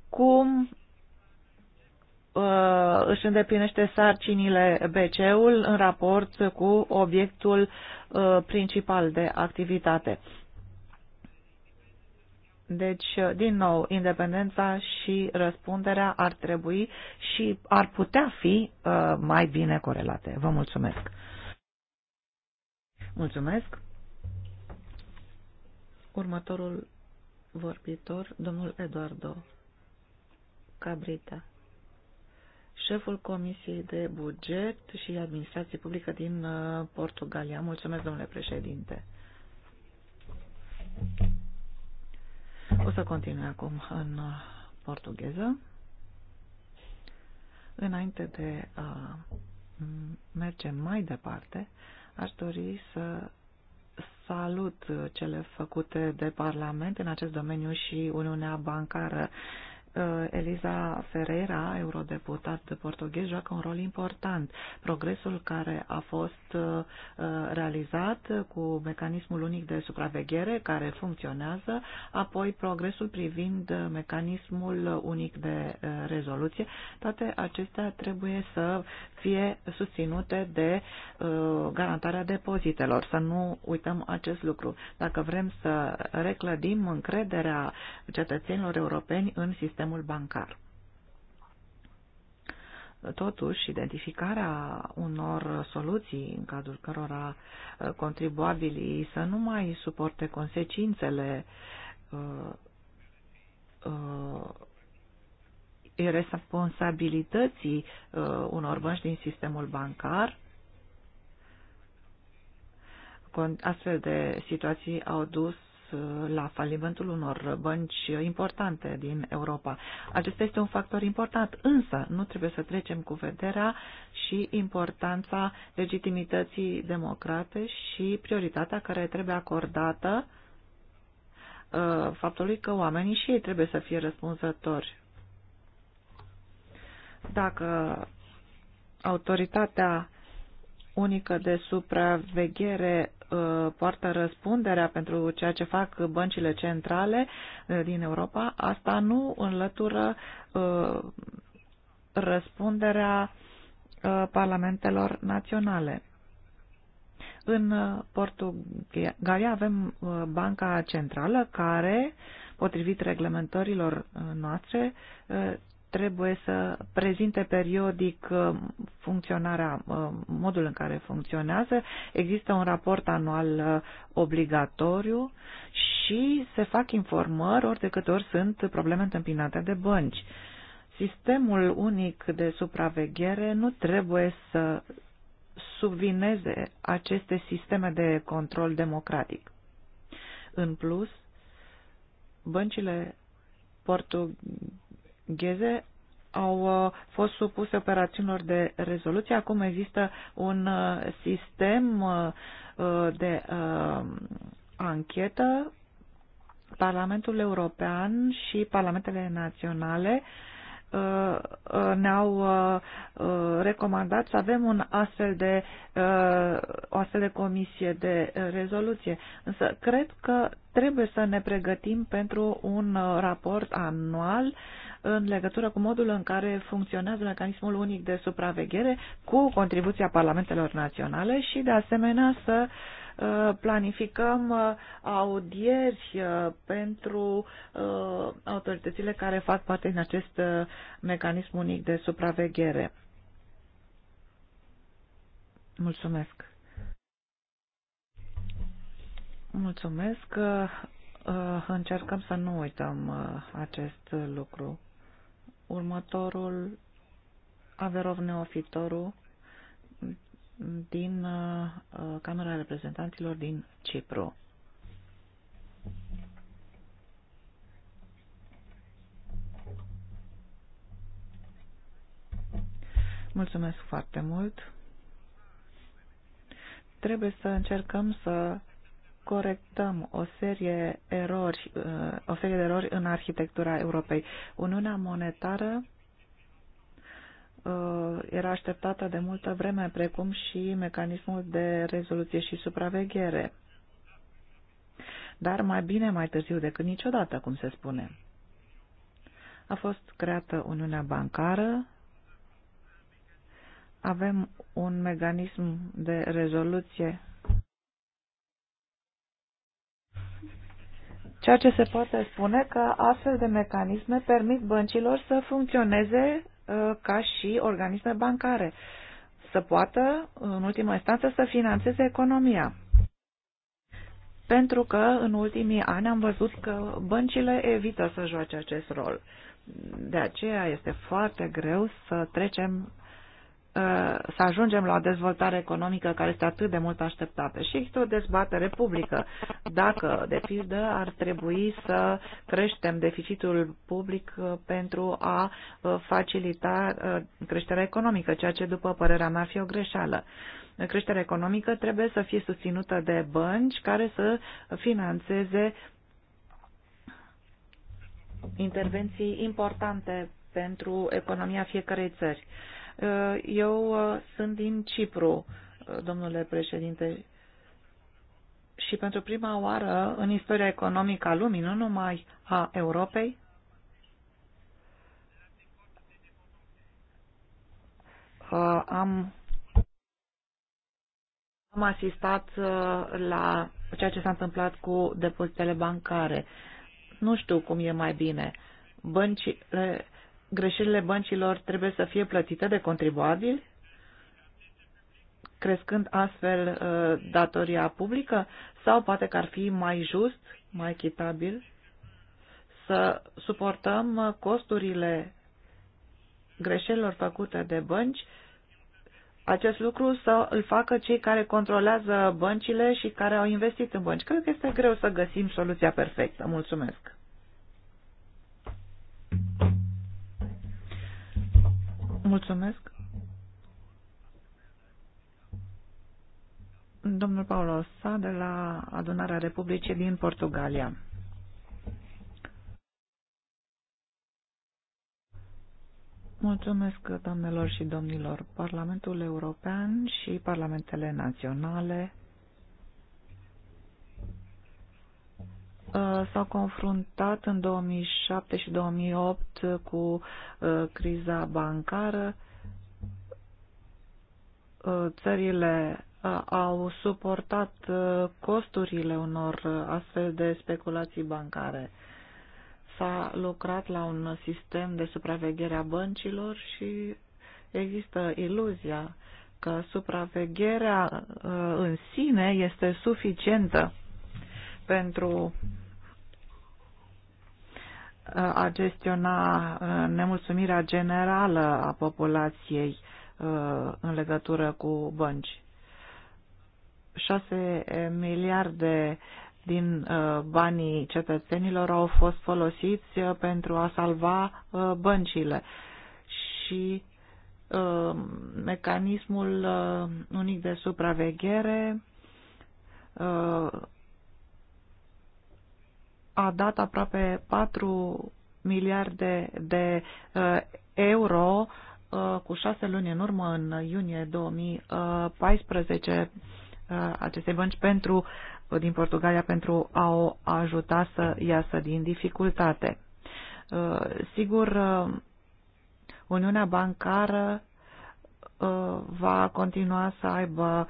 cum uh, își îndeplinește sarcinile BC-ul în raport cu obiectul uh, principal de activitate. Deci, uh, din nou, independența și răspunderea ar trebui și ar putea fi uh, mai bine corelate. Vă mulțumesc! Mulțumesc! Următorul vorbitor, domnul Eduardo Cabrita șeful Comisiei de Buget și Administrație Publică din uh, Portugalia. Mulțumesc, domnule președinte. O să continui acum în uh, portugheză. Înainte de a uh, merge mai departe, aș dori să salut cele făcute de Parlament în acest domeniu și Uniunea Bancară Eh, Eliza Ferreira, eurodeputat portughez, joacă un rol important. Progresul care a fost eh, realizat cu mecanismul unic de supraveghere care funcționează, apoi progresul privind mecanismul unic de eh, rezoluție, toate acestea trebuie să fie susținute de garantarea depozitelor. Să nu uităm acest lucru. Dacă vrem să reclădim încrederea cetățenilor europeni în sistemul sistemul bancar. Totuși, identificarea unor soluții în cadrul cărora uh, contribuabilii să nu mai suporte consecințele uh, uh, responsabilității uh, unor bănci din sistemul bancar. Astfel de situații au dus la falimentul unor bănci importante din Europa. Acesta este un factor important, însă nu trebuie să trecem cu vederea și importanța legitimității democrate și prioritatea care trebuie acordată uh, faptului că oamenii și ei trebuie să fie răspunzători. Dacă autoritatea unică de supraveghere uh, poartă răspunderea pentru ceea ce fac băncile centrale uh, din Europa, asta nu înlătură uh, răspunderea parlamentelor naționale. În Portugalia avem Banca Centrală care, potrivit reglementărilor noastre, trebuie să prezinte periodic uh, funcționarea, uh, modul în care funcționează. Există un raport anual uh, obligatoriu și se fac informări ori de câte ori sunt probleme întâmpinate de bănci. Sistemul unic de supraveghere nu trebuie să subvineze aceste sisteme de control democratic. În plus, băncile portughe Gheze au uh, fost supuse operațiunilor de rezoluție. Acum există un uh, sistem uh, de anchetă. Parlamentul European și Parlamentele Naționale ne-au recomandat să avem un astfel de, o astfel de comisie de rezoluție. Însă cred că trebuie să ne pregătim pentru un raport anual uh, în legătură cu modul în care funcționează mecanismul unic de supraveghere cu contribuția parlamentelor naționale și, de asemenea, să uh, planificăm uh, audieri uh, pentru autoritățile care fac parte din acest mecanism unic de supraveghere. Mulțumesc. Mulțumesc. Încercăm să nu uităm acest lucru următorul Averov Neofitoru din uh, uh, Camera Reprezentanților din Cipru. Mulțumesc foarte mult. Trebuie să încercăm să corectăm o serie, erori, uh, o serie de erori în arhitectura Europei. Uniunea monetară uh, era așteptată de multă vreme, precum și mecanismul de rezoluție și supraveghere. Dar mai bine mai târziu decât niciodată, cum se spune. A fost creată Uniunea Bancară, avem un mecanism de rezoluție Ceea ce se poate spune că astfel de mecanisme permit băncilor să funcționeze uh, ca și organisme bancare, să poată, în ultima instanță, să financeze economia. Pentru că în ultimii ani am văzut că băncile evită să joace acest rol. De aceea este foarte greu să trecem Uh, să ajungem la o dezvoltare economică care este atât de mult așteptată. Și există o dezbatere publică. Dacă, de pildă, ar trebui să creștem deficitul public uh, pentru a uh, facilita creșterea economică, ceea ce, după părerea mea, ar fi o greșeală. Creșterea economică trebuie să fie susținută de bănci care să financeze intervenții importante pentru economia fiecarei țări. Uh, eu uh, sunt din Cipru, uh, domnule președinte, și pentru prima oară în istoria economică a lumii, nu numai a Europei, uh, am, am asistat la ceea ce s-a întâmplat cu depozitele bancare. Nu știu cum e mai bine. Băncile greșelile băncilor trebuie să fie plătite de contribuabili, crescând astfel uh, datoria publică, sau poate că ar fi mai just, mai echitabil să suportăm uh, costurile greșelilor făcute de bănci, acest lucru să îl facă cei care controlează băncile și care au investit în bănci. Cred că este greu să găsim soluția perfectă. Mulțumesc! Mulțumesc. Domnul Paulo Sa de la Adunarea Republicii din Portugalia. Mulțumesc, doamnelor și domnilor. Parlamentul European și parlamentele naționale Uh, s-au confruntat în 2007 și 2008 cu uh, criza bancară. Uh, țările au suportat costurile unor astfel de speculații bancare. S-a lucrat la un sistem de supraveghere a băncilor și există iluzia că supravegherea în sine este suficientă pentru a gestiona nemulțumirea generală a populației în legătură cu bănci. 6 miliarde din banii cetățenilor au fost folosiți pentru a salva băncile și mecanismul unic de supraveghere a dat aproape 4 miliarde de uh, euro uh, cu șase luni în urmă, în iunie 2014, uh, acestei bănci pentru, din Portugalia pentru a o ajuta să iasă din dificultate. Sigur, Uniunea Bancară va continua să aibă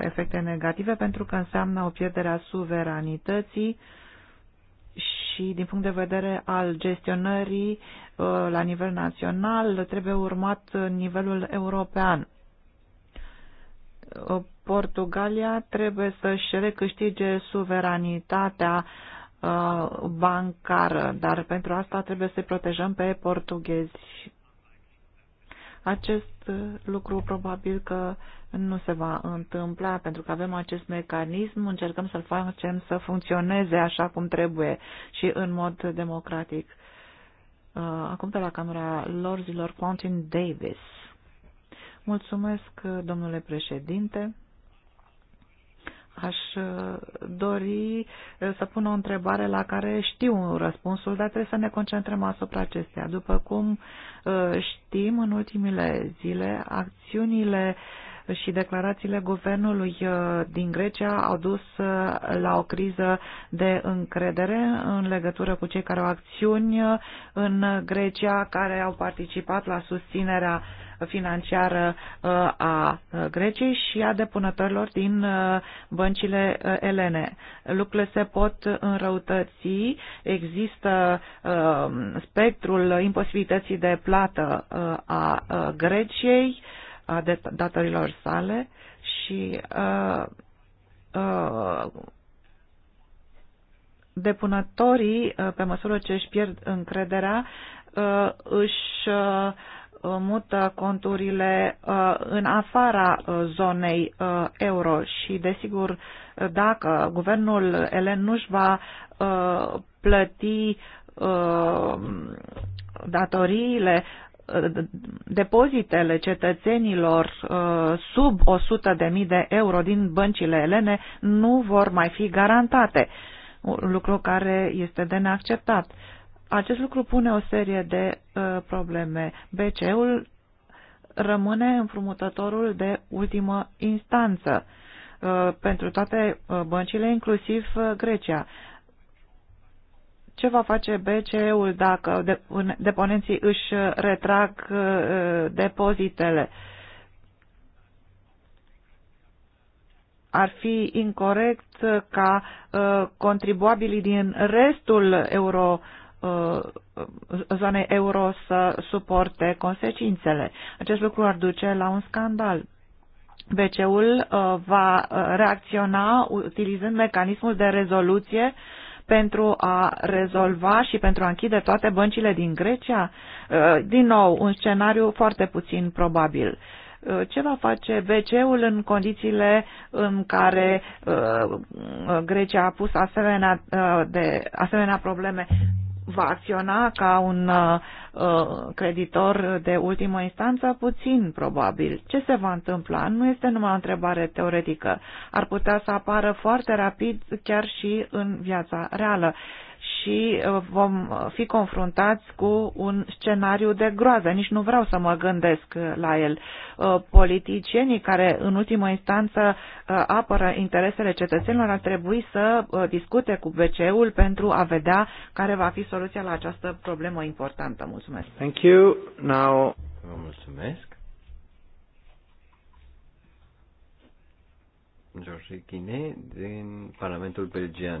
efecte negative pentru că înseamnă o pierdere a suveranității, și din punct de vedere al gestionării uh, la nivel național trebuie urmat uh, nivelul european. Uh, Portugalia trebuie să-și recâștige suveranitatea bancară, dar pentru asta trebuie să protejăm pe portughezi acest uh, lucru probabil că nu se va întâmpla pentru că avem acest mecanism, încercăm să-l facem să funcționeze așa cum trebuie și în mod democratic. Uh, acum de la Camera Lorzilor, Quentin Davis. Mulțumesc, domnule președinte. Aș uh, dori uh, să pun o întrebare la care știu răspunsul, dar trebuie să ne concentrăm asupra acestea. După cum uh, știm, în ultimile zile, acțiunile și declarațiile guvernului din Grecia au dus la o criză de încredere în legătură cu cei care au acțiuni în Grecia, care au participat la susținerea uh, financiară uh, a uh, Greciei și a depunătorilor din uh, băncile elene. Lucrurile se pot înrăutăți, există spectrul imposibilității de plată a Greciei, a datorilor sale și depunătorii, pe măsură ce își pierd încrederea, își Uh, mută conturile uh, în afara uh, zonei euro și, desigur, dacă guvernul elen nu își va plăti datoriile, depozitele cetățenilor sub 100.000 de euro din băncile elene nu vor mai fi garantate, lucru care este de neacceptat acest lucru pune o serie de uh, probleme. BCE-ul rămâne împrumutătorul de ultimă instanță uh, pentru toate uh, băncile, inclusiv uh, Grecia. Ce va face BCE-ul dacă deponenții își uh, retrag uh, depozitele? Ar fi incorrect uh, ca contribuabilii din restul euro Uh, zonei euro să suporte consecințele. Acest lucru ar duce la un scandal. BCE-ul uh, va uh, reacționa utilizând mecanismul de rezoluție pentru a rezolva și pentru a închide toate băncile din Grecia? Din nou, un scenariu foarte puțin probabil. Ce va face BCE-ul în condițiile în care Grecia a pus asemenea, de, asemenea probleme va acționa ca un uh, creditor de ultimă instanță? Puțin, probabil. Ce se va întâmpla? Nu este numai o întrebare teoretică. Ar putea să apară foarte rapid chiar și în viața reală și uh, vom fi confruntați cu un scenariu de groază. Nici nu vreau să mă gândesc uh, la el. Uh, politicienii care în ultimă instanță apără interesele cetățenilor ar trebui să discute cu BCE-ul pentru a vedea care va fi soluția la această problemă importantă. Mulțumesc. Thank you. Now... Vă mulțumesc. George Chine din Parlamentul Belgian.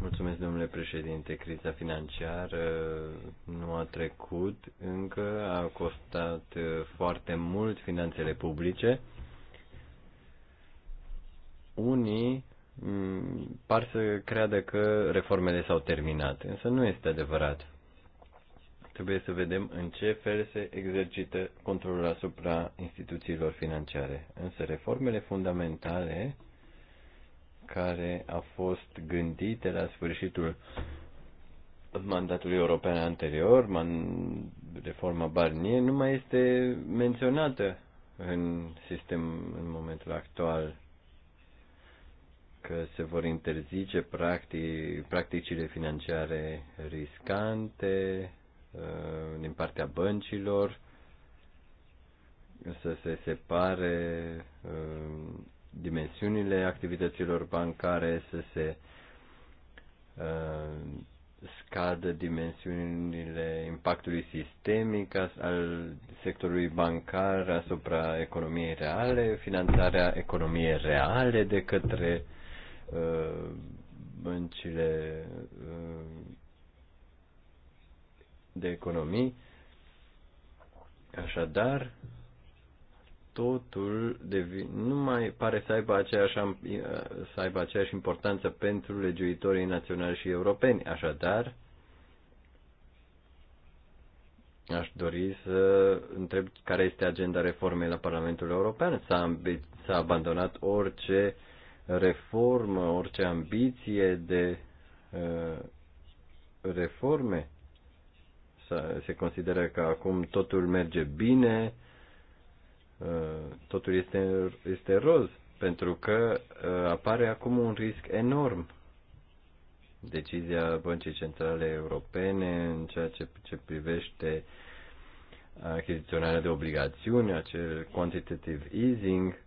Mulțumesc, domnule președinte. Criza financiară nu a trecut încă, a costat uh, foarte mult finanțele publice. Unii mm, par să creadă că reformele s-au terminat, însă nu este adevărat. Trebuie să vedem în ce fel se exercită controlul asupra instituțiilor financiare. Însă reformele fundamentale care a fost de la sfârșitul mandatului european anterior, man, reforma Barnier, nu mai este menționată în sistem în momentul actual că se vor interzice practic, practicile financiare riscante uh, din partea băncilor, să se separe uh, dimensiunile activităților bancare, să se uh, scadă dimensiunile impactului sistemic al sectorului bancar asupra economiei reale, finanțarea economiei reale de către uh, băncile uh, de economii. Așadar, totul devin, nu mai pare să aibă, aceeași, să aibă aceeași importanță pentru legiuitorii naționali și europeni. Așadar, aș dori să întreb care este agenda reformei la Parlamentul European. S-a, s-a abandonat orice reformă, orice ambiție de uh, reforme. Se consideră că acum totul merge bine, Uh, totul este, este roz, pentru că uh, apare acum un risc enorm. Decizia Băncii Centrale Europene în ceea ce, ce privește achiziționarea de obligațiuni, acel quantitative easing,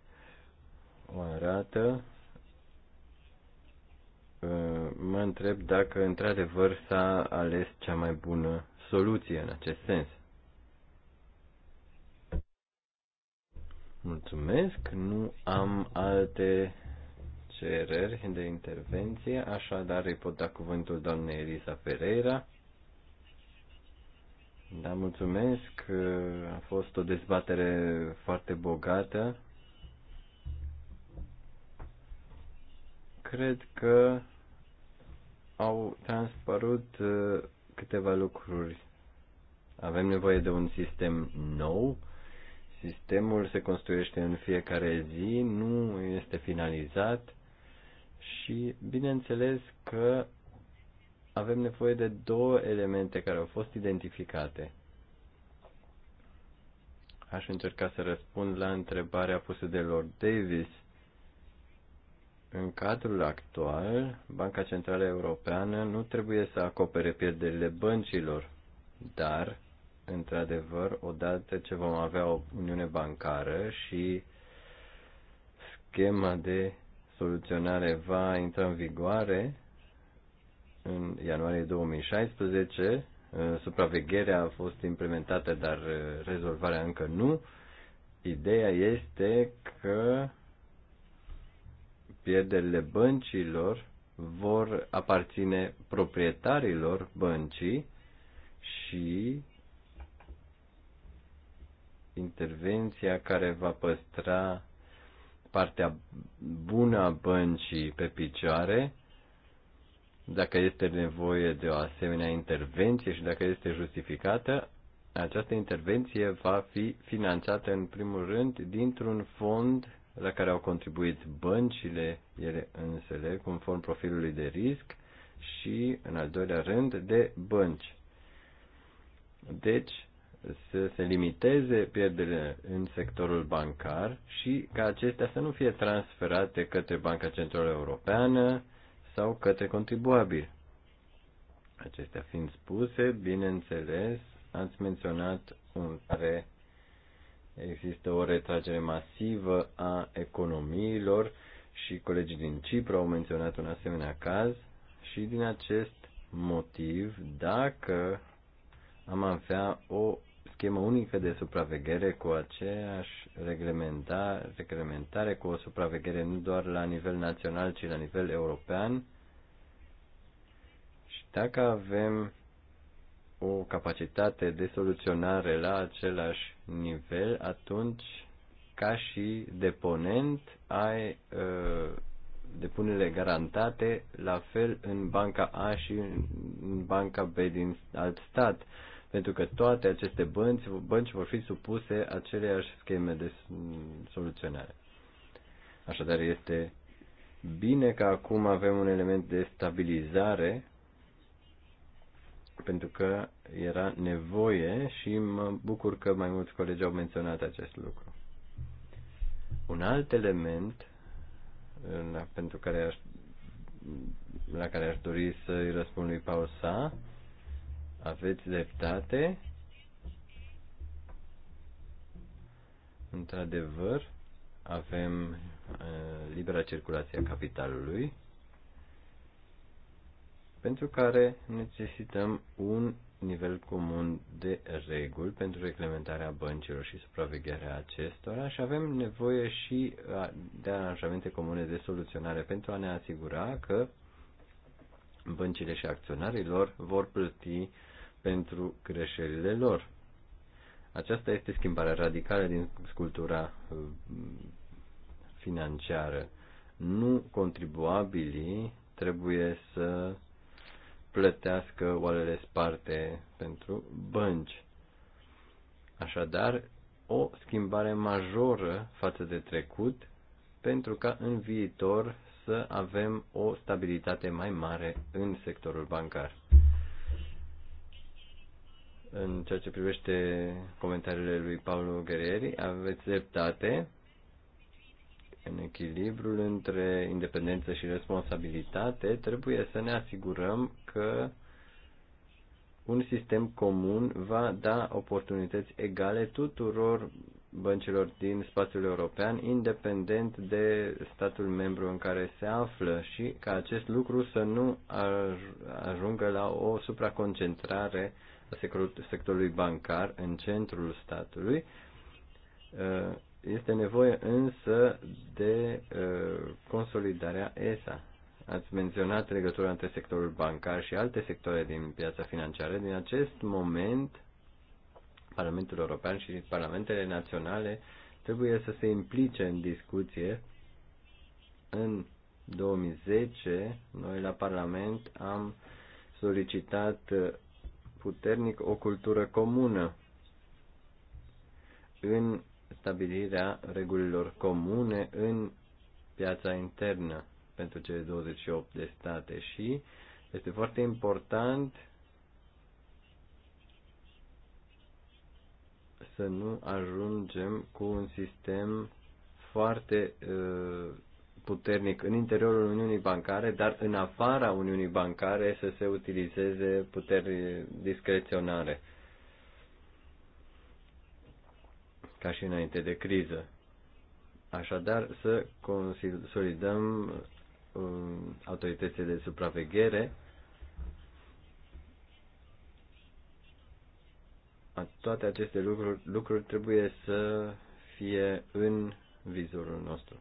o arată. Uh, mă întreb dacă într-adevăr s-a ales cea mai bună soluție în acest sens. Mulțumesc, nu am alte cereri de intervenție, așadar îi pot da cuvântul doamnei Elisa Ferreira. Da, mulțumesc, a fost o dezbatere foarte bogată. Cred că au transparut uh, câteva lucruri. Avem nevoie de un sistem nou Sistemul se construiește în fiecare zi, nu este finalizat și bineînțeles că avem nevoie de două elemente care au fost identificate. Aș încerca să răspund la întrebarea pusă de Lord Davis. În cadrul actual, Banca Centrală Europeană nu trebuie să acopere pierderile băncilor, dar într-adevăr, odată ce vom avea o uniune bancară și schema de soluționare va intra în vigoare în ianuarie 2016, uh, supravegherea a fost implementată, dar uh, rezolvarea încă nu. Ideea este că pierderile băncilor vor aparține proprietarilor băncii și intervenția care va păstra partea bună a băncii pe picioare, dacă este nevoie de o asemenea intervenție și dacă este justificată, această intervenție va fi finanțată în primul rând dintr-un fond la care au contribuit băncile ele însele, conform profilului de risc, și, în al doilea rând, de bănci. Deci, să se limiteze pierderile în sectorul bancar și ca acestea să nu fie transferate către Banca Centrală Europeană sau către contribuabil. Acestea fiind spuse, bineînțeles, ați menționat un care există o retragere masivă a economiilor și colegii din Cipru au menționat un asemenea caz și din acest motiv, dacă am avea o schemă unică de supraveghere cu aceeași reglementare, reglementare, cu o supraveghere nu doar la nivel național, ci la nivel european. Și dacă avem o capacitate de soluționare la același nivel, atunci, ca și deponent, ai uh, depunele garantate la fel în banca A și în banca B din alt stat. Uh, pentru că toate aceste bănci, bănci vor fi supuse aceleași scheme de soluționare. Așadar, este bine că acum avem un element de stabilizare pentru că era nevoie și mă bucur că mai mulți colegi au menționat acest lucru. Un alt element pentru care aș, la care aș dori să-i răspund lui Pausa aveți dreptate. Într-adevăr, avem uh, libera circulație a capitalului, pentru care necesităm un nivel comun de reguli pentru reglementarea băncilor și supravegherea acestora și avem nevoie și uh, de aranjamente comune de soluționare pentru a ne asigura că băncile și acționarii lor vor plăti pentru greșelile lor. Aceasta este schimbarea radicală din cultura uh, financiară. Nu contribuabilii trebuie să plătească oalele sparte pentru bănci. Așadar, o schimbare majoră față de trecut pentru ca în viitor să avem o stabilitate mai mare în sectorul bancar. În ceea ce privește comentariile lui Paolo Guerrieri, aveți dreptate în echilibrul între independență și responsabilitate, trebuie să ne asigurăm că un sistem comun va da oportunități egale tuturor băncilor din spațiul european, independent de statul membru în care se află și ca acest lucru să nu ajungă la o supraconcentrare sectorului bancar în centrul statului. Uh, este nevoie însă de uh, consolidarea ESA. Ați menționat legătura între sectorul bancar și alte sectoare din piața financiară. Din acest moment, Parlamentul European și Parlamentele Naționale trebuie să se implice în discuție. În 2010, noi la Parlament am solicitat uh, puternic o cultură comună în stabilirea regulilor comune în piața internă pentru cele 28 de state și este foarte important să nu ajungem cu un sistem foarte uh, puternic în interiorul Uniunii Bancare, dar în afara Uniunii Bancare să se utilizeze puteri discreționare, ca și înainte de criză. Așadar, să consolidăm um, autoritățile de supraveghere toate aceste lucruri, lucruri trebuie să fie în vizorul nostru.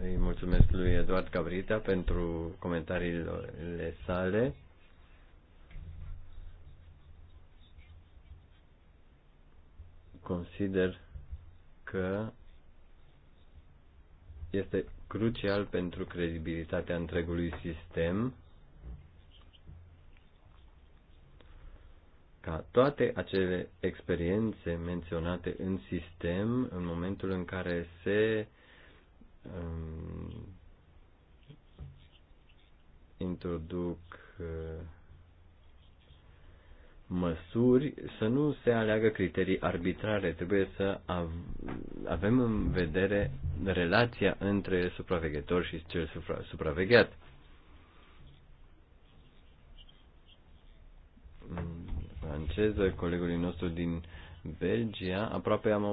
Îi mulțumesc lui Eduard Cabrita pentru comentariile sale. Consider că este crucial pentru credibilitatea întregului sistem ca toate acele experiențe menționate în sistem, în momentul în care se introduc uh, măsuri, să nu se aleagă criterii arbitrare. Trebuie să avem în vedere relația între supraveghetor și cel supravegheat. Franceză, colegului nostru din Belgia, aproape am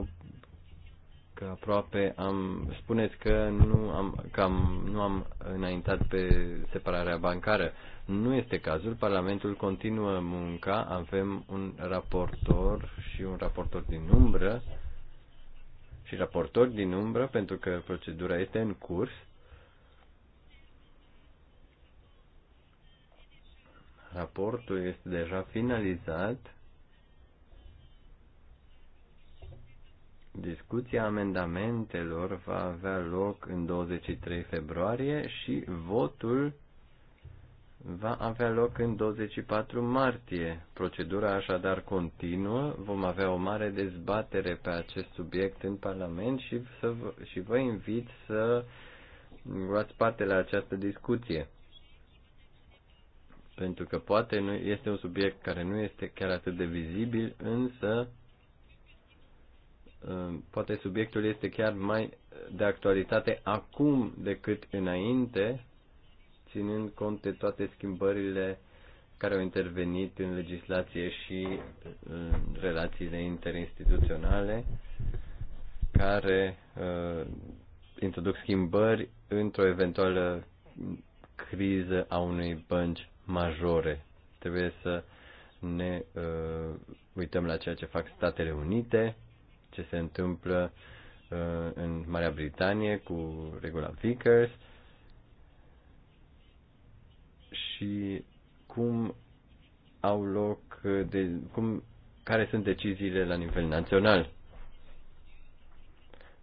că aproape am, spuneți că nu am, că am, nu am înaintat pe separarea bancară. Nu este cazul, Parlamentul continuă munca, avem un raportor și un raportor din umbră și raportor din umbră pentru că procedura este în curs. Raportul este deja finalizat Discuția amendamentelor va avea loc în 23 februarie și votul va avea loc în 24 martie. Procedura așadar continuă, vom avea o mare dezbatere pe acest subiect în Parlament și, să, și vă invit să luați parte la această discuție. Pentru că poate nu, este un subiect care nu este chiar atât de vizibil, însă Ehm, poate subiectul este chiar mai de actualitate acum decât înainte, ținând cont de toate schimbările care au intervenit în legislație și în ehm, relațiile interinstituționale, care uh, introduc schimbări într-o eventuală criză a unei bănci majore. Trebuie să ne uh, uităm la ceea ce fac Statele Unite, ce se întâmplă uh, în Marea Britanie cu regula Vickers și cum au loc, de, cum, care sunt deciziile la nivel național.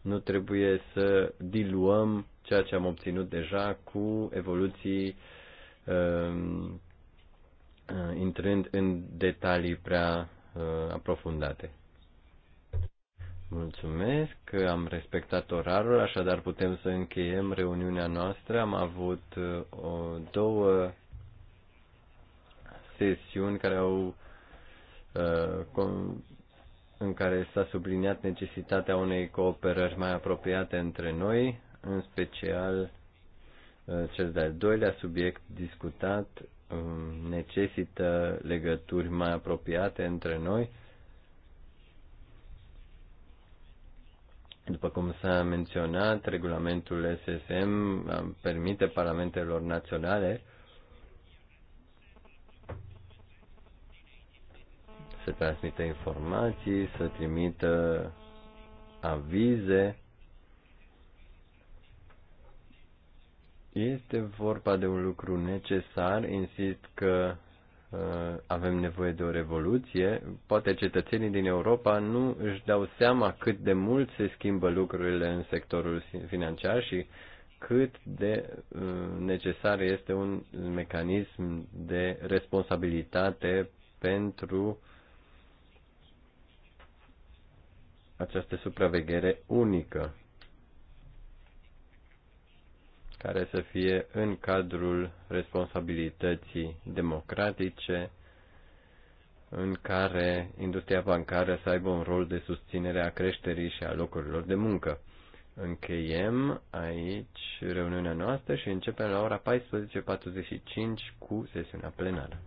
Nu trebuie să diluăm ceea ce am obținut deja cu evoluții um, uh, intrând în detalii prea uh, aprofundate. Mulțumesc că am respectat orarul, așadar putem să încheiem reuniunea noastră. Am avut uh, o, două sesiuni care au uh, în care s-a subliniat necesitatea unei cooperări mai apropiate între noi, în special uh, cel de-al doilea subiect discutat um, necesită legături mai apropiate între noi. După cum s-a menționat, regulamentul SSM permite parlamentelor naționale să transmită informații, să trimită avize. Este vorba de un lucru necesar, insist că Uh, avem nevoie de o revoluție, poate cetățenii din Europa nu își dau seama cât de mult se schimbă lucrurile în sectorul financiar și cât de uh, necesar este un mecanism de responsabilitate pentru această supraveghere unică care să fie în cadrul responsabilității democratice, în care industria bancară să aibă un rol de susținere a creșterii și a locurilor de muncă. Încheiem aici reuniunea noastră și începem la ora 14.45 cu sesiunea plenară.